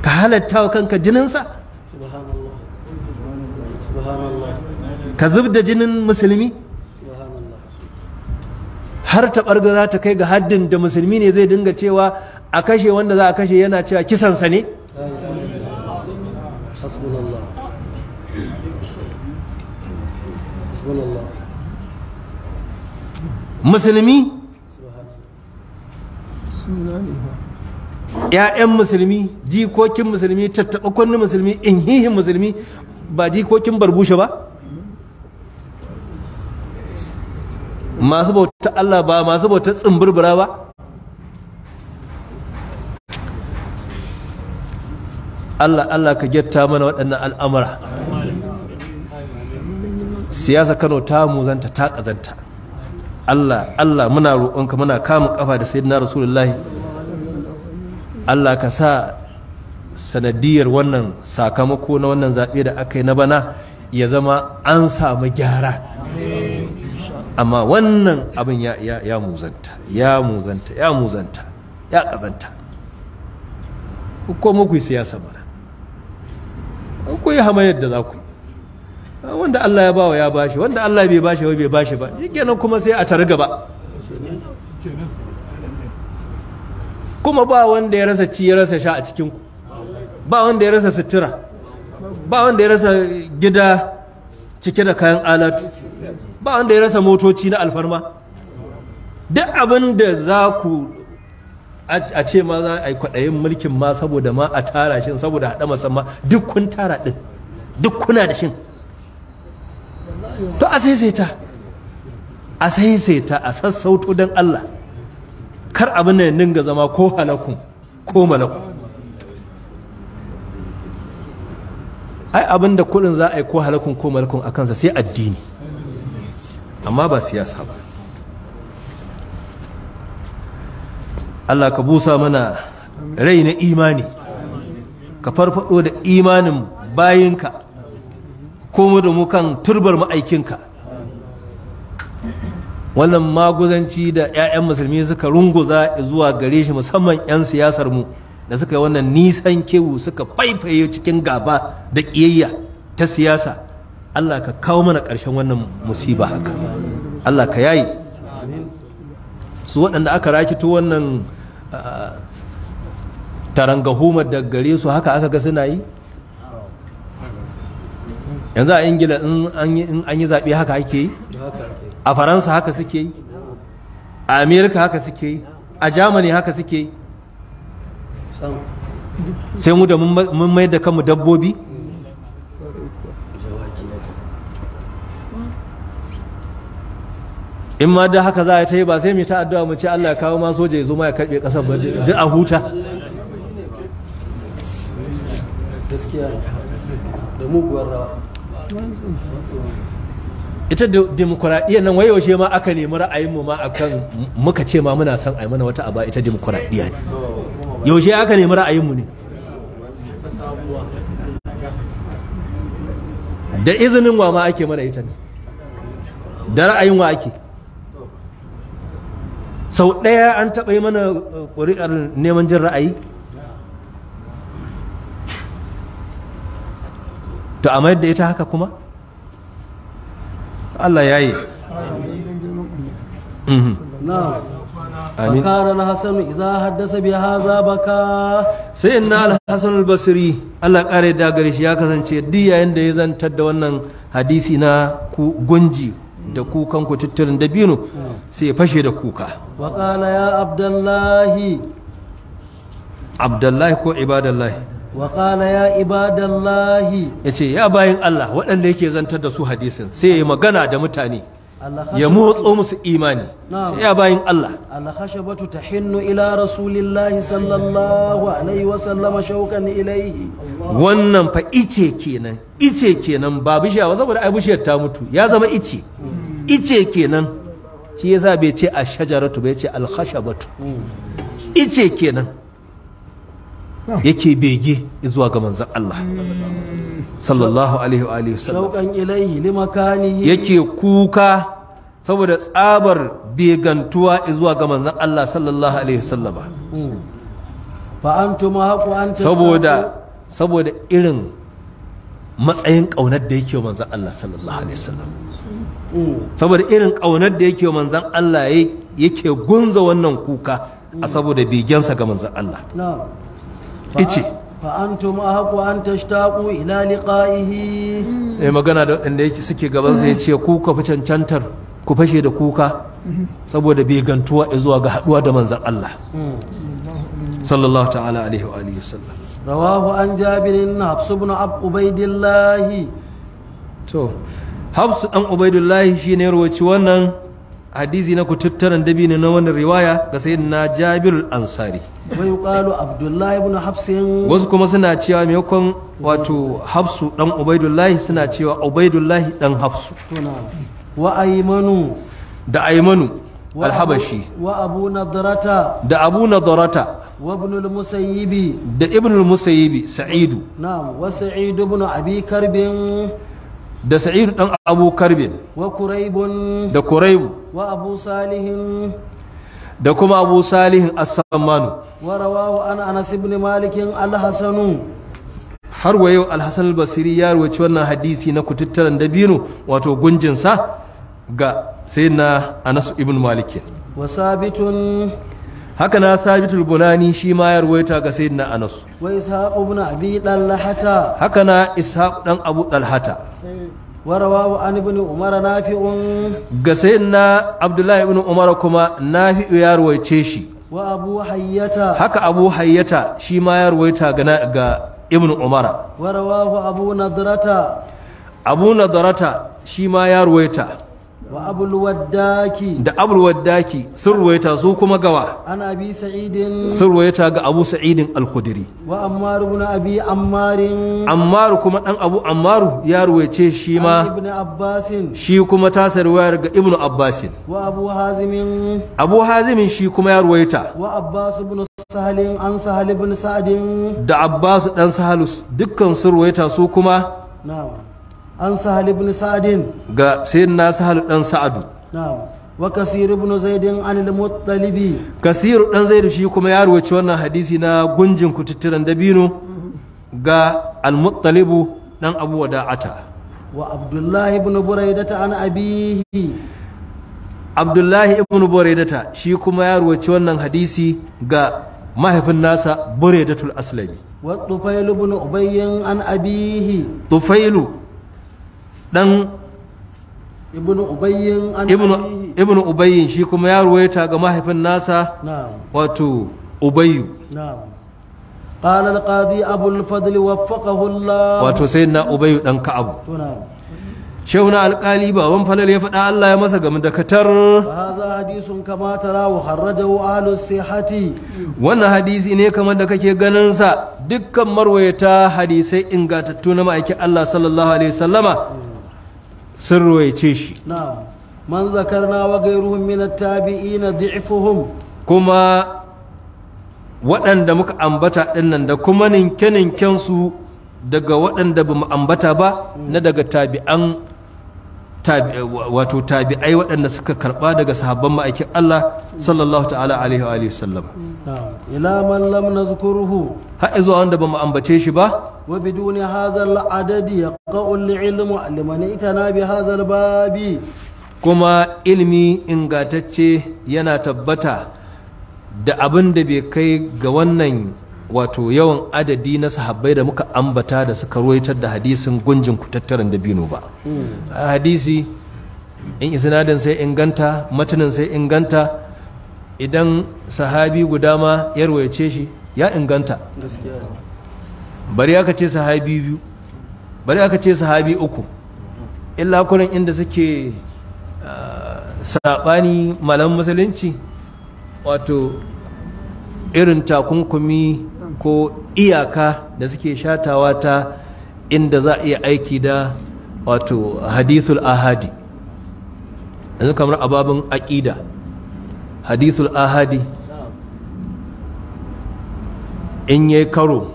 ka halatta wa kanka jininsa ka zub da jinin musulmi har ta ɓarga za ta kai ga haddin da musulmi ne zai dinga cewa a kashe wanda za a kashe yana cewa kisansa ne musulmi 'ya'yan musulmi jikokin musulmi tattaɓa kunnin musulmi inhihin musulmi ba jikokin barbushe ba masu bauta Allah ba masu bauta tsimbirbira ba Allah Allah ka getta mana waɗannan al'amura siyasa Kano ta muzanta ta ƙazanta Allah Allah muna roƙonka muna kama ƙafa da sayyidina Rasulullahi Allah ka sa sanadiyar wannan sakamako na wannan zaɓe da aka yi na bana ya zama an samu gyara amma wannan abin ya, ya, ya muzanta ya muzanta ya muzanta ya ƙazanta ko muku siyasa bana ku yi hamayar da za ku wanda Allah ya bawa ya bashi wanda Allah bai bashi bai bashi ba nan kuma sai a tare gaba kuma ba wanda ya rasa ci ya rasa sha a cikinku ba wanda ya rasa sutura ba wanda ya rasa gida cike da kayan alatu ba wanda ya rasa motoci na alfarma duk abin da za ku a ce ma za a yi kwaɗayin mulkin ma saboda ma a tara shi saboda haɗa musamman duk kun tara ɗin duk kuna da shin to a saisaita a saisaita a sassauto don Allah kar abin nan ninga zama ko halakun ko malaku ai abin da kudin za a yi ko halakun ko malakun a kansa sai addini amma ba siyasa ba Allah ka busa mana rai na imani ka farfado da imanin bayinka komo da mu kan turbar ma'aikinka wannan maguzanci da 'ya'yan musulmi suka rungu runguza zuwa gare shi musamman 'yan siyasar mu da suka yi wannan nisan kewu suka faifaye cikin gaba da ƙiyayya ta siyasa Allah ka kawo mana ƙarshen wannan musiba haka Allah ka yayi su waɗanda aka rakito wannan ah, tarangahumar da gare su haka aka ga suna yi yanzu a ingila in an yi zaɓe haka ake yi a faransa haka suke yi a amerika haka suke yi a germany haka suke yi sai mu da mun mai da kanmu dabbobi in ma da haka za a ta yi ba sai mai ta addu'a mu ce Allah ya kawo ma soja ya zo ma ya karbe kasar ba duk a huta gaskiya da muguwar rawa ita demokuraɗiyyar nan wai yaushe ma aka nemi ra'ayinmu ma akan muka ce ma muna son ai mana wata aba ita demokuraɗiyya ne yaushe aka nemi ra'ayinmu ne da izinin wa ma ake mana ita ne da ra'ayin wa ake sau ɗaya an taɓa yi mana uh, ƙuri'ar neman jin ra'ayi to amma yadda ita haka kuma Allah ya yi فكان الحسن إذا حدث بهذا بكى سيدنا الحسن البصري الله قال دا غريش kasance duk yayin da ya zantar da wannan hadisi na ku gunji da kukan ku dabino sai ya fashe da kuka wa qala ya abdullahi abdullahi ko Ibadullahi. wa qala ya ibadallahi lahi. ya bayan Allah waɗanda yake zantar da su hadisin sai ya magana da mutane ya motso musu imani sai ya bayin Allah alhashabatu tahinnu ila rasulillahi sallallahu alaihi wa sallama shauqan ilaihi wannan fa ice kenan ice kenan ba bishiya saboda ai bishiyar ta mutu ya zama ice ice kenan shi yasa bai ce a shajaratu bai ce alhashabatu mm. ice kenan yake bege zuwa ga manzon Allah hmm. sallallahu alaihi wa alihi shauqan ilaihi limakanihi yake kuka saboda tsabar begantuwa zuwa ga manzon Allah sallallahu alaihi wasallama hmm. fa antum haqu antum saboda saboda irin matsayin kaunar da yake wa manzon Allah sallallahu alaihi wasallam hmm. saboda irin kaunar da yake wa manzon Allah yake gunza wannan kuka a saboda begensa ga manzon Allah ice antum ahqu an tashtaqu ila liqa'ihi mm. eh magana da inda yake suke gaban sa mm. yace ku ka fi cancantar ku fashe da kuka mm-hmm. saboda bai gantuwa zuwa ga haduwa da manzon Allah mm. sallallahu ta'ala alaihi wa alihi sallam rawahu an jabir ibn habs ibn ubaidillah to habs dan ubaidillah shine ruwaci wannan hadisi na ku tattaran dabino na wani riwaya ga sayyidina Jabirul Ansari wai yuqalu Abdullahi ibn Hafsin wasu kuma suna cewa maimakon wato Hafsu dan Ubaidullahi suna cewa Ubaidullahi dan Hafsu wa Aymanu da Aymanu alhabashi wa abu nadarata da abu nadarata wa ibn al-musayyibi da ibn al-musayyibi sa'idu na'am wa sa'idu ibn abi da sa'idu ɗan abu karbin wa kuraibun da kuraibu wa abu salihin da kuma abu salihin as wa har wa yau alhassan albasiri ya rawaci wannan hadisi na kututturan dabino wato gunjinsa ga na Anasu ibn malik wa sabitun haka na sabitul bunani shi ma ya ruwaita ga sayyidina anas wa ishaq ibn abi dalhata haka na ishaq dan abu dalhata wa rawahu an ibn umar nafi'un ga sayyidina abdullahi ibn umar kuma nafi'u ya ruwaice shi wa abu hayyata haka abu hayyata shi ma ya ruwaita ga ga ibn umara wa rawahu abu nadrata abu nadrata shi ma ya ruwaita wa abulwaddaki da abulwaddaki sun ruwaita su kuma gawa an abi sa'idin sun ruwaita ga abu sa'idin al-khudri wa ammar ibn abi ammarin ammar kuma dan abu ammar ya ruwaice shi ma ibn abbasin shi kuma ta sarwayar ga ibn abbasin wa abu hazimin abu hazimin shi kuma ya ruwaita wa abbas ibn sahalin an sahal ibn sa'din da abbas dan sahalus dukkan sun ruwaita su kuma na'am an sahal ibn sa'adin ga sayyidina sahal dan sa'adu na'am wa kasir ibn zaidin an al-muttalibi kasir dan zaid shi kuma ya ruwaci wannan hadisi na gunjin kututturan dabino ga al-muttalibu dan abu wada'ata wa abdullahi ibn buraidata an abihi abdullahi ibn buraidata shi kuma ya ruwaci wannan hadisi ga mahaifin nasa buraidatul aslami wa tufailu ibn ubayyin an abihi tufailu dan ibnu ubayyin shi kuma ya ruwaita ga mahaifin nasa wato ubayyu قال القاضي أبو الفضل وفقه الله واتو سيدنا أبي دان كعب نعم شيخنا القالي با ya فلل يفدا الله يا da katar هذا حديث كما ترى وخرجه wannan hadisi ne kamar da kake ganin sa dukkan marwayata hadisai ingantattu na ma'aikin Allah sallallahu alaihi sun ce shi man zakarna wa na tabi'i na tabiin dhi'fuhum kuma waɗanda muka ambata ɗinnan da kuma ninke-ninkensu daga waɗanda ba ambata ba na daga tabi'an wato tabi'ai waɗanda suka karɓa daga sahabban ma'aikin Allah sallallahu ta'ala alaihi wa sallam ila man lam nazkuruhu har zuwa wanda bamu ambace shi ba wa biduni hadha al ya yaqa'u li ilmu liman itana bi hadha babi kuma ilmi ingantacce yana tabbata da abin da bai kai ga wannan wato yawan adadi na sahabbai da muka ambata da suka ruwaitar da hadisin gunjin ku tattaran da bino ba hmm. hadisi in isnadin sai inganta matanin sai inganta idan sahabi guda ma ya ruwaice shi ya inganta bari aka ce sahabi biyu bari aka ce sahabi uku illa kurin inda suke saɓani malamin musulunci wato irin takunkumi ko iyaka da suke shatawa ta inda za a iya aiki da wato hadithul ahadi yanzu kamar ababin aƙida hadithul ahadi in yi karo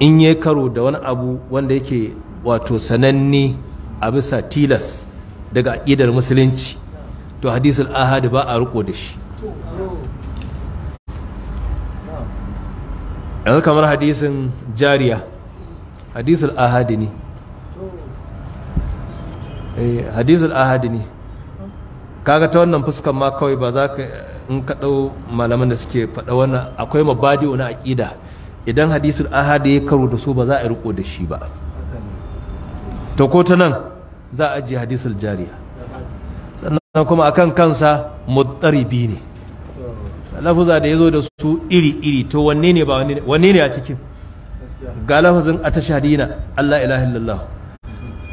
in yi karo da wani abu wanda yake wato sananne a bisa tilas daga aƙidar musulunci to hadisul ahadi ba a riko da shi yanzu kamar hadisin jariya hadisul ahadi ne eh, hadisul ahadi ne kaga ta wannan fuskan ma kawai ba za ka in ka ɗau malaman da suke faɗa wannan akwai mabadi na aƙida idan hadisul ahadi ya karo da su ba za a riko da shi ba ta ko ta nan za a ajiye hadisul jariya sannan kuma akan kansa mutsaribi ne lafuza da ya zo da su iri-iri to wanne ne ba wanne ne a cikin ga lafazin a tashadina Allah ilaha illallah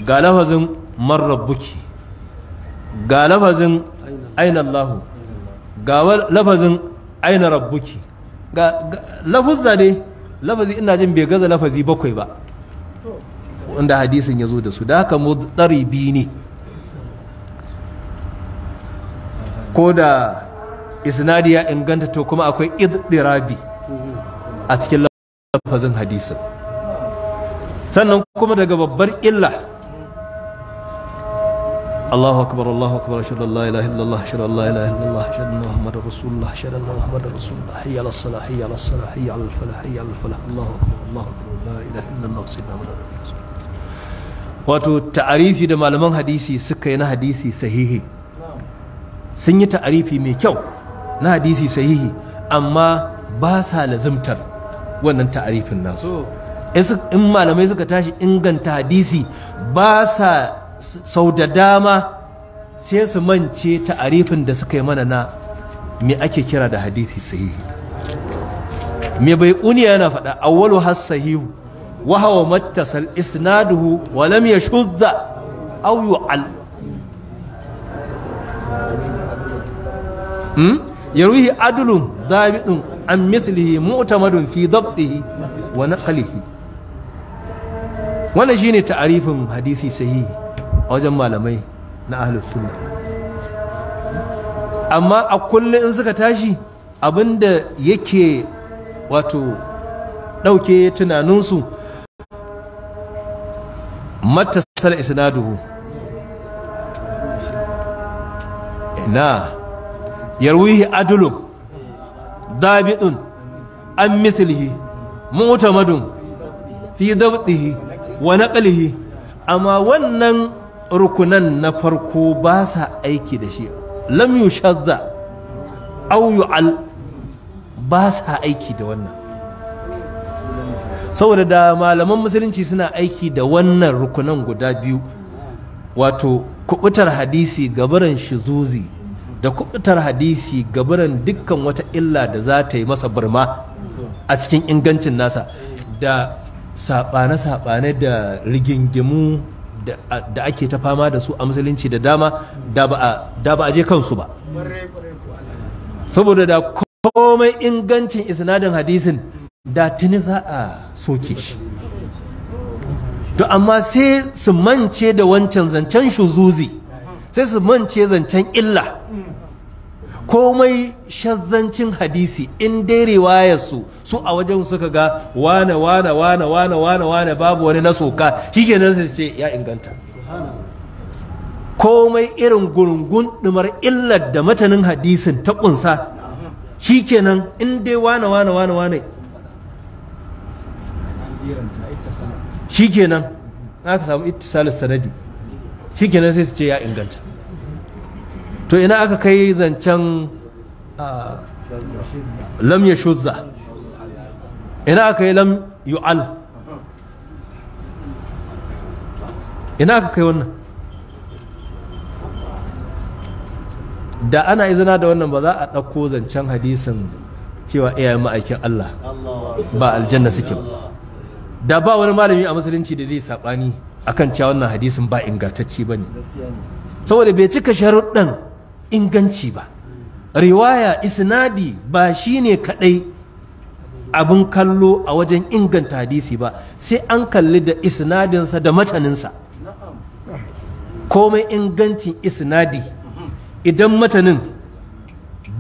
ga lafazin marrabbuki ga lafazin aina Allah ga lafazin aina rabbuki ga lafuzza ne lafazi ina jin bai gaza lafazi bakwai ba wanda hadisin ya zo da su da haka biyu ne ko da isnadi ya inganta to kuma akwai iddirabi a cikin lafazin hadisin sannan kuma daga babbar illa wato ta'arifi da malaman hadisi suka na hadisi sahihi sun yi ta'arifi mai kyau na hadisi sahihi amma ba sa lazimtar wannan ta'arifin nasu in malamai suka tashi inganta hadisi ba sa sau da dama sai su mance ta'arifin da suka yi mana na me ake kira da hadisi sahihi me bai kuniya yana faɗa awwalu has sahihu wa huwa mattasal isnaduhu wa lam yashudda aw yu'al hmm? yaruhi adulun dabidun an mithlihi mu'tamadun fi dabtihi wa Wani shi shine ta'arifin hadisi sai a wajen malamai na ahlus amma a kullum in suka tashi abinda yake wato ɗauke tunaninsu matasar isnaduhu ina yarwihi adulun dabidun an mislihi mutamadun fi dabdihi amma wannan rukunan na farko ba sa aiki da shi lam yushadda aw yu'al ba sa aiki da wannan saboda da malaman musulunci suna aiki da wannan rukunan guda biyu wato kubutar hadisi gabaran shizuzi da kubutar hadisi gabaran dukkan wata illa da za ta yi masa burma a cikin ingancin nasa da saɓane-saɓane da rigingimu da ake ta fama da su a musulunci da dama da ba a je kansu ba saboda da komai ingancin isnadin hadisin da tuni za a soke shi to amma sai su mance da wancan zancen shuzuzi sai su mance zancen illa komai shazzancin hadisi in dai riwayar su su a wajen suka ga wane wane wane wane wane wane babu wani na soka shikenan sai ce ya inganta komai irin gurungun dumar illar da matanin hadisin ta kunsa shikenan in dai wane wane wane wane shikenan aka samu ittisalus sanadi shikenan sai su ce ya inganta to ina aka kai zancen lam ya shuzza ina aka yi lam yu'al ina aka kai wannan da ana izina da wannan ba za a ɗauko zancen hadisin cewa iyayen ma'aikin Allah ba aljanna suke ba da ba wani malami a musulunci da zai saɓani akan cewa wannan hadisin ba ingantacce ba ne saboda bai cika sharuɗɗan inganci ba riwaya isnadi ba shine kadai abin kallo a wajen inganta hadisi ba sai an kalli da isnadinsa da mataninsa komai ingancin isnadi idan matanin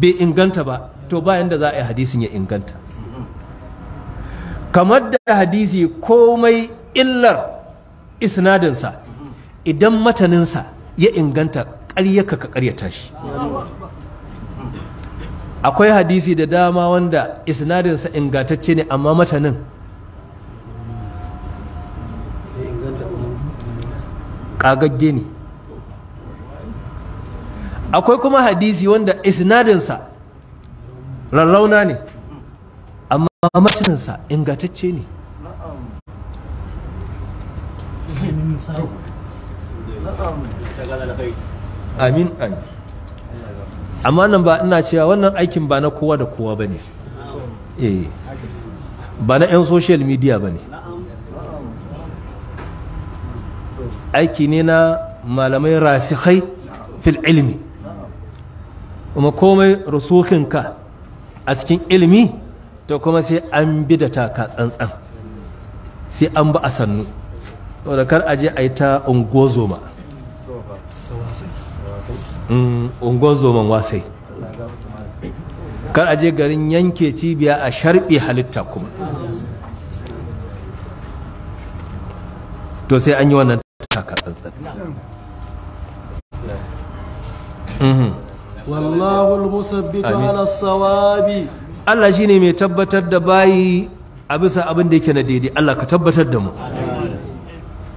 bai inganta ba to bayan da za a yi hadisin ya inganta kamar da hadisi komai illar isnadinsa idan mataninsa ya inganta ƙaryaka ka ƙaryata shi akwai hadisi da dama wanda isnadinsa ingatacce ne amma matanin ƙagagge ne akwai kuma hadisi wanda isnadinsa rarrauna ne amma mataninsa ingatacce ne amin amin amma nan ba ina cewa wannan aikin ba na kowa da kowa ba ne eh ba na 'yan social media ba ne aiki ne na malamai rasikhai fil ilmi kuma komai rusukinka a cikin ilmi to kuma sai an bi da taka tsantsan sai an ba a sannu to da kar aje a yi ta ungozoma unguwar wasai kar a je garin yanke cibiya a sharbi halitta kuma to sai an yi wannan takatsantsan mhm. wallahul musabbitu ala sawabi Allah shine mai tabbatar da bayi a bisa abin da yake na daidai Allah ka tabbatar da mu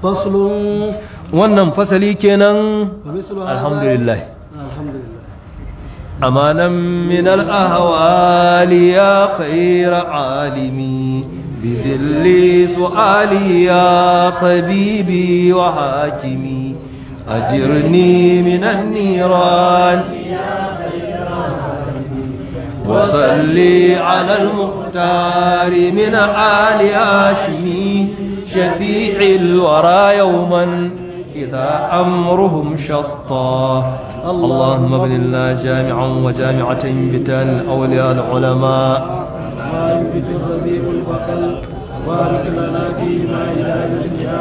faslun wannan fasali kenan alhamdulillah أمانا من الأهوال يا خير عالمي بذل سؤالي يا طبيبي وحاكمي أجرني من النيران وصلي على المختار من آل هاشمي شفيع الورى يوماً إذا أمرهم شطا اللهم ابن الله جامعا وجامعة بتان أولياء العلماء ما ينبت الربيع البقل بارك لنا فيهما إلى يوم القيامة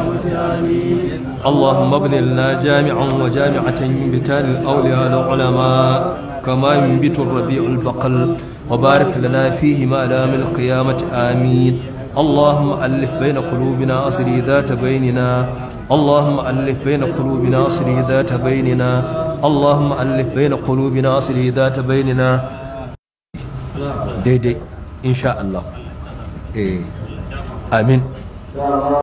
آمين اللهم ابن الله جامعا وجامعة بتان أولياء العلماء كما ينبت الربيع البقل وبارك لنا فيهما إلى يوم القيامة آمين اللهم ألف بين قلوبنا أصلي ذات بيننا اللهم ألف بين قلوبنا أصله ذات بيننا اللهم ألف بين قلوبنا أصله ذات بيننا ديدي إن شاء الله إيه. آمين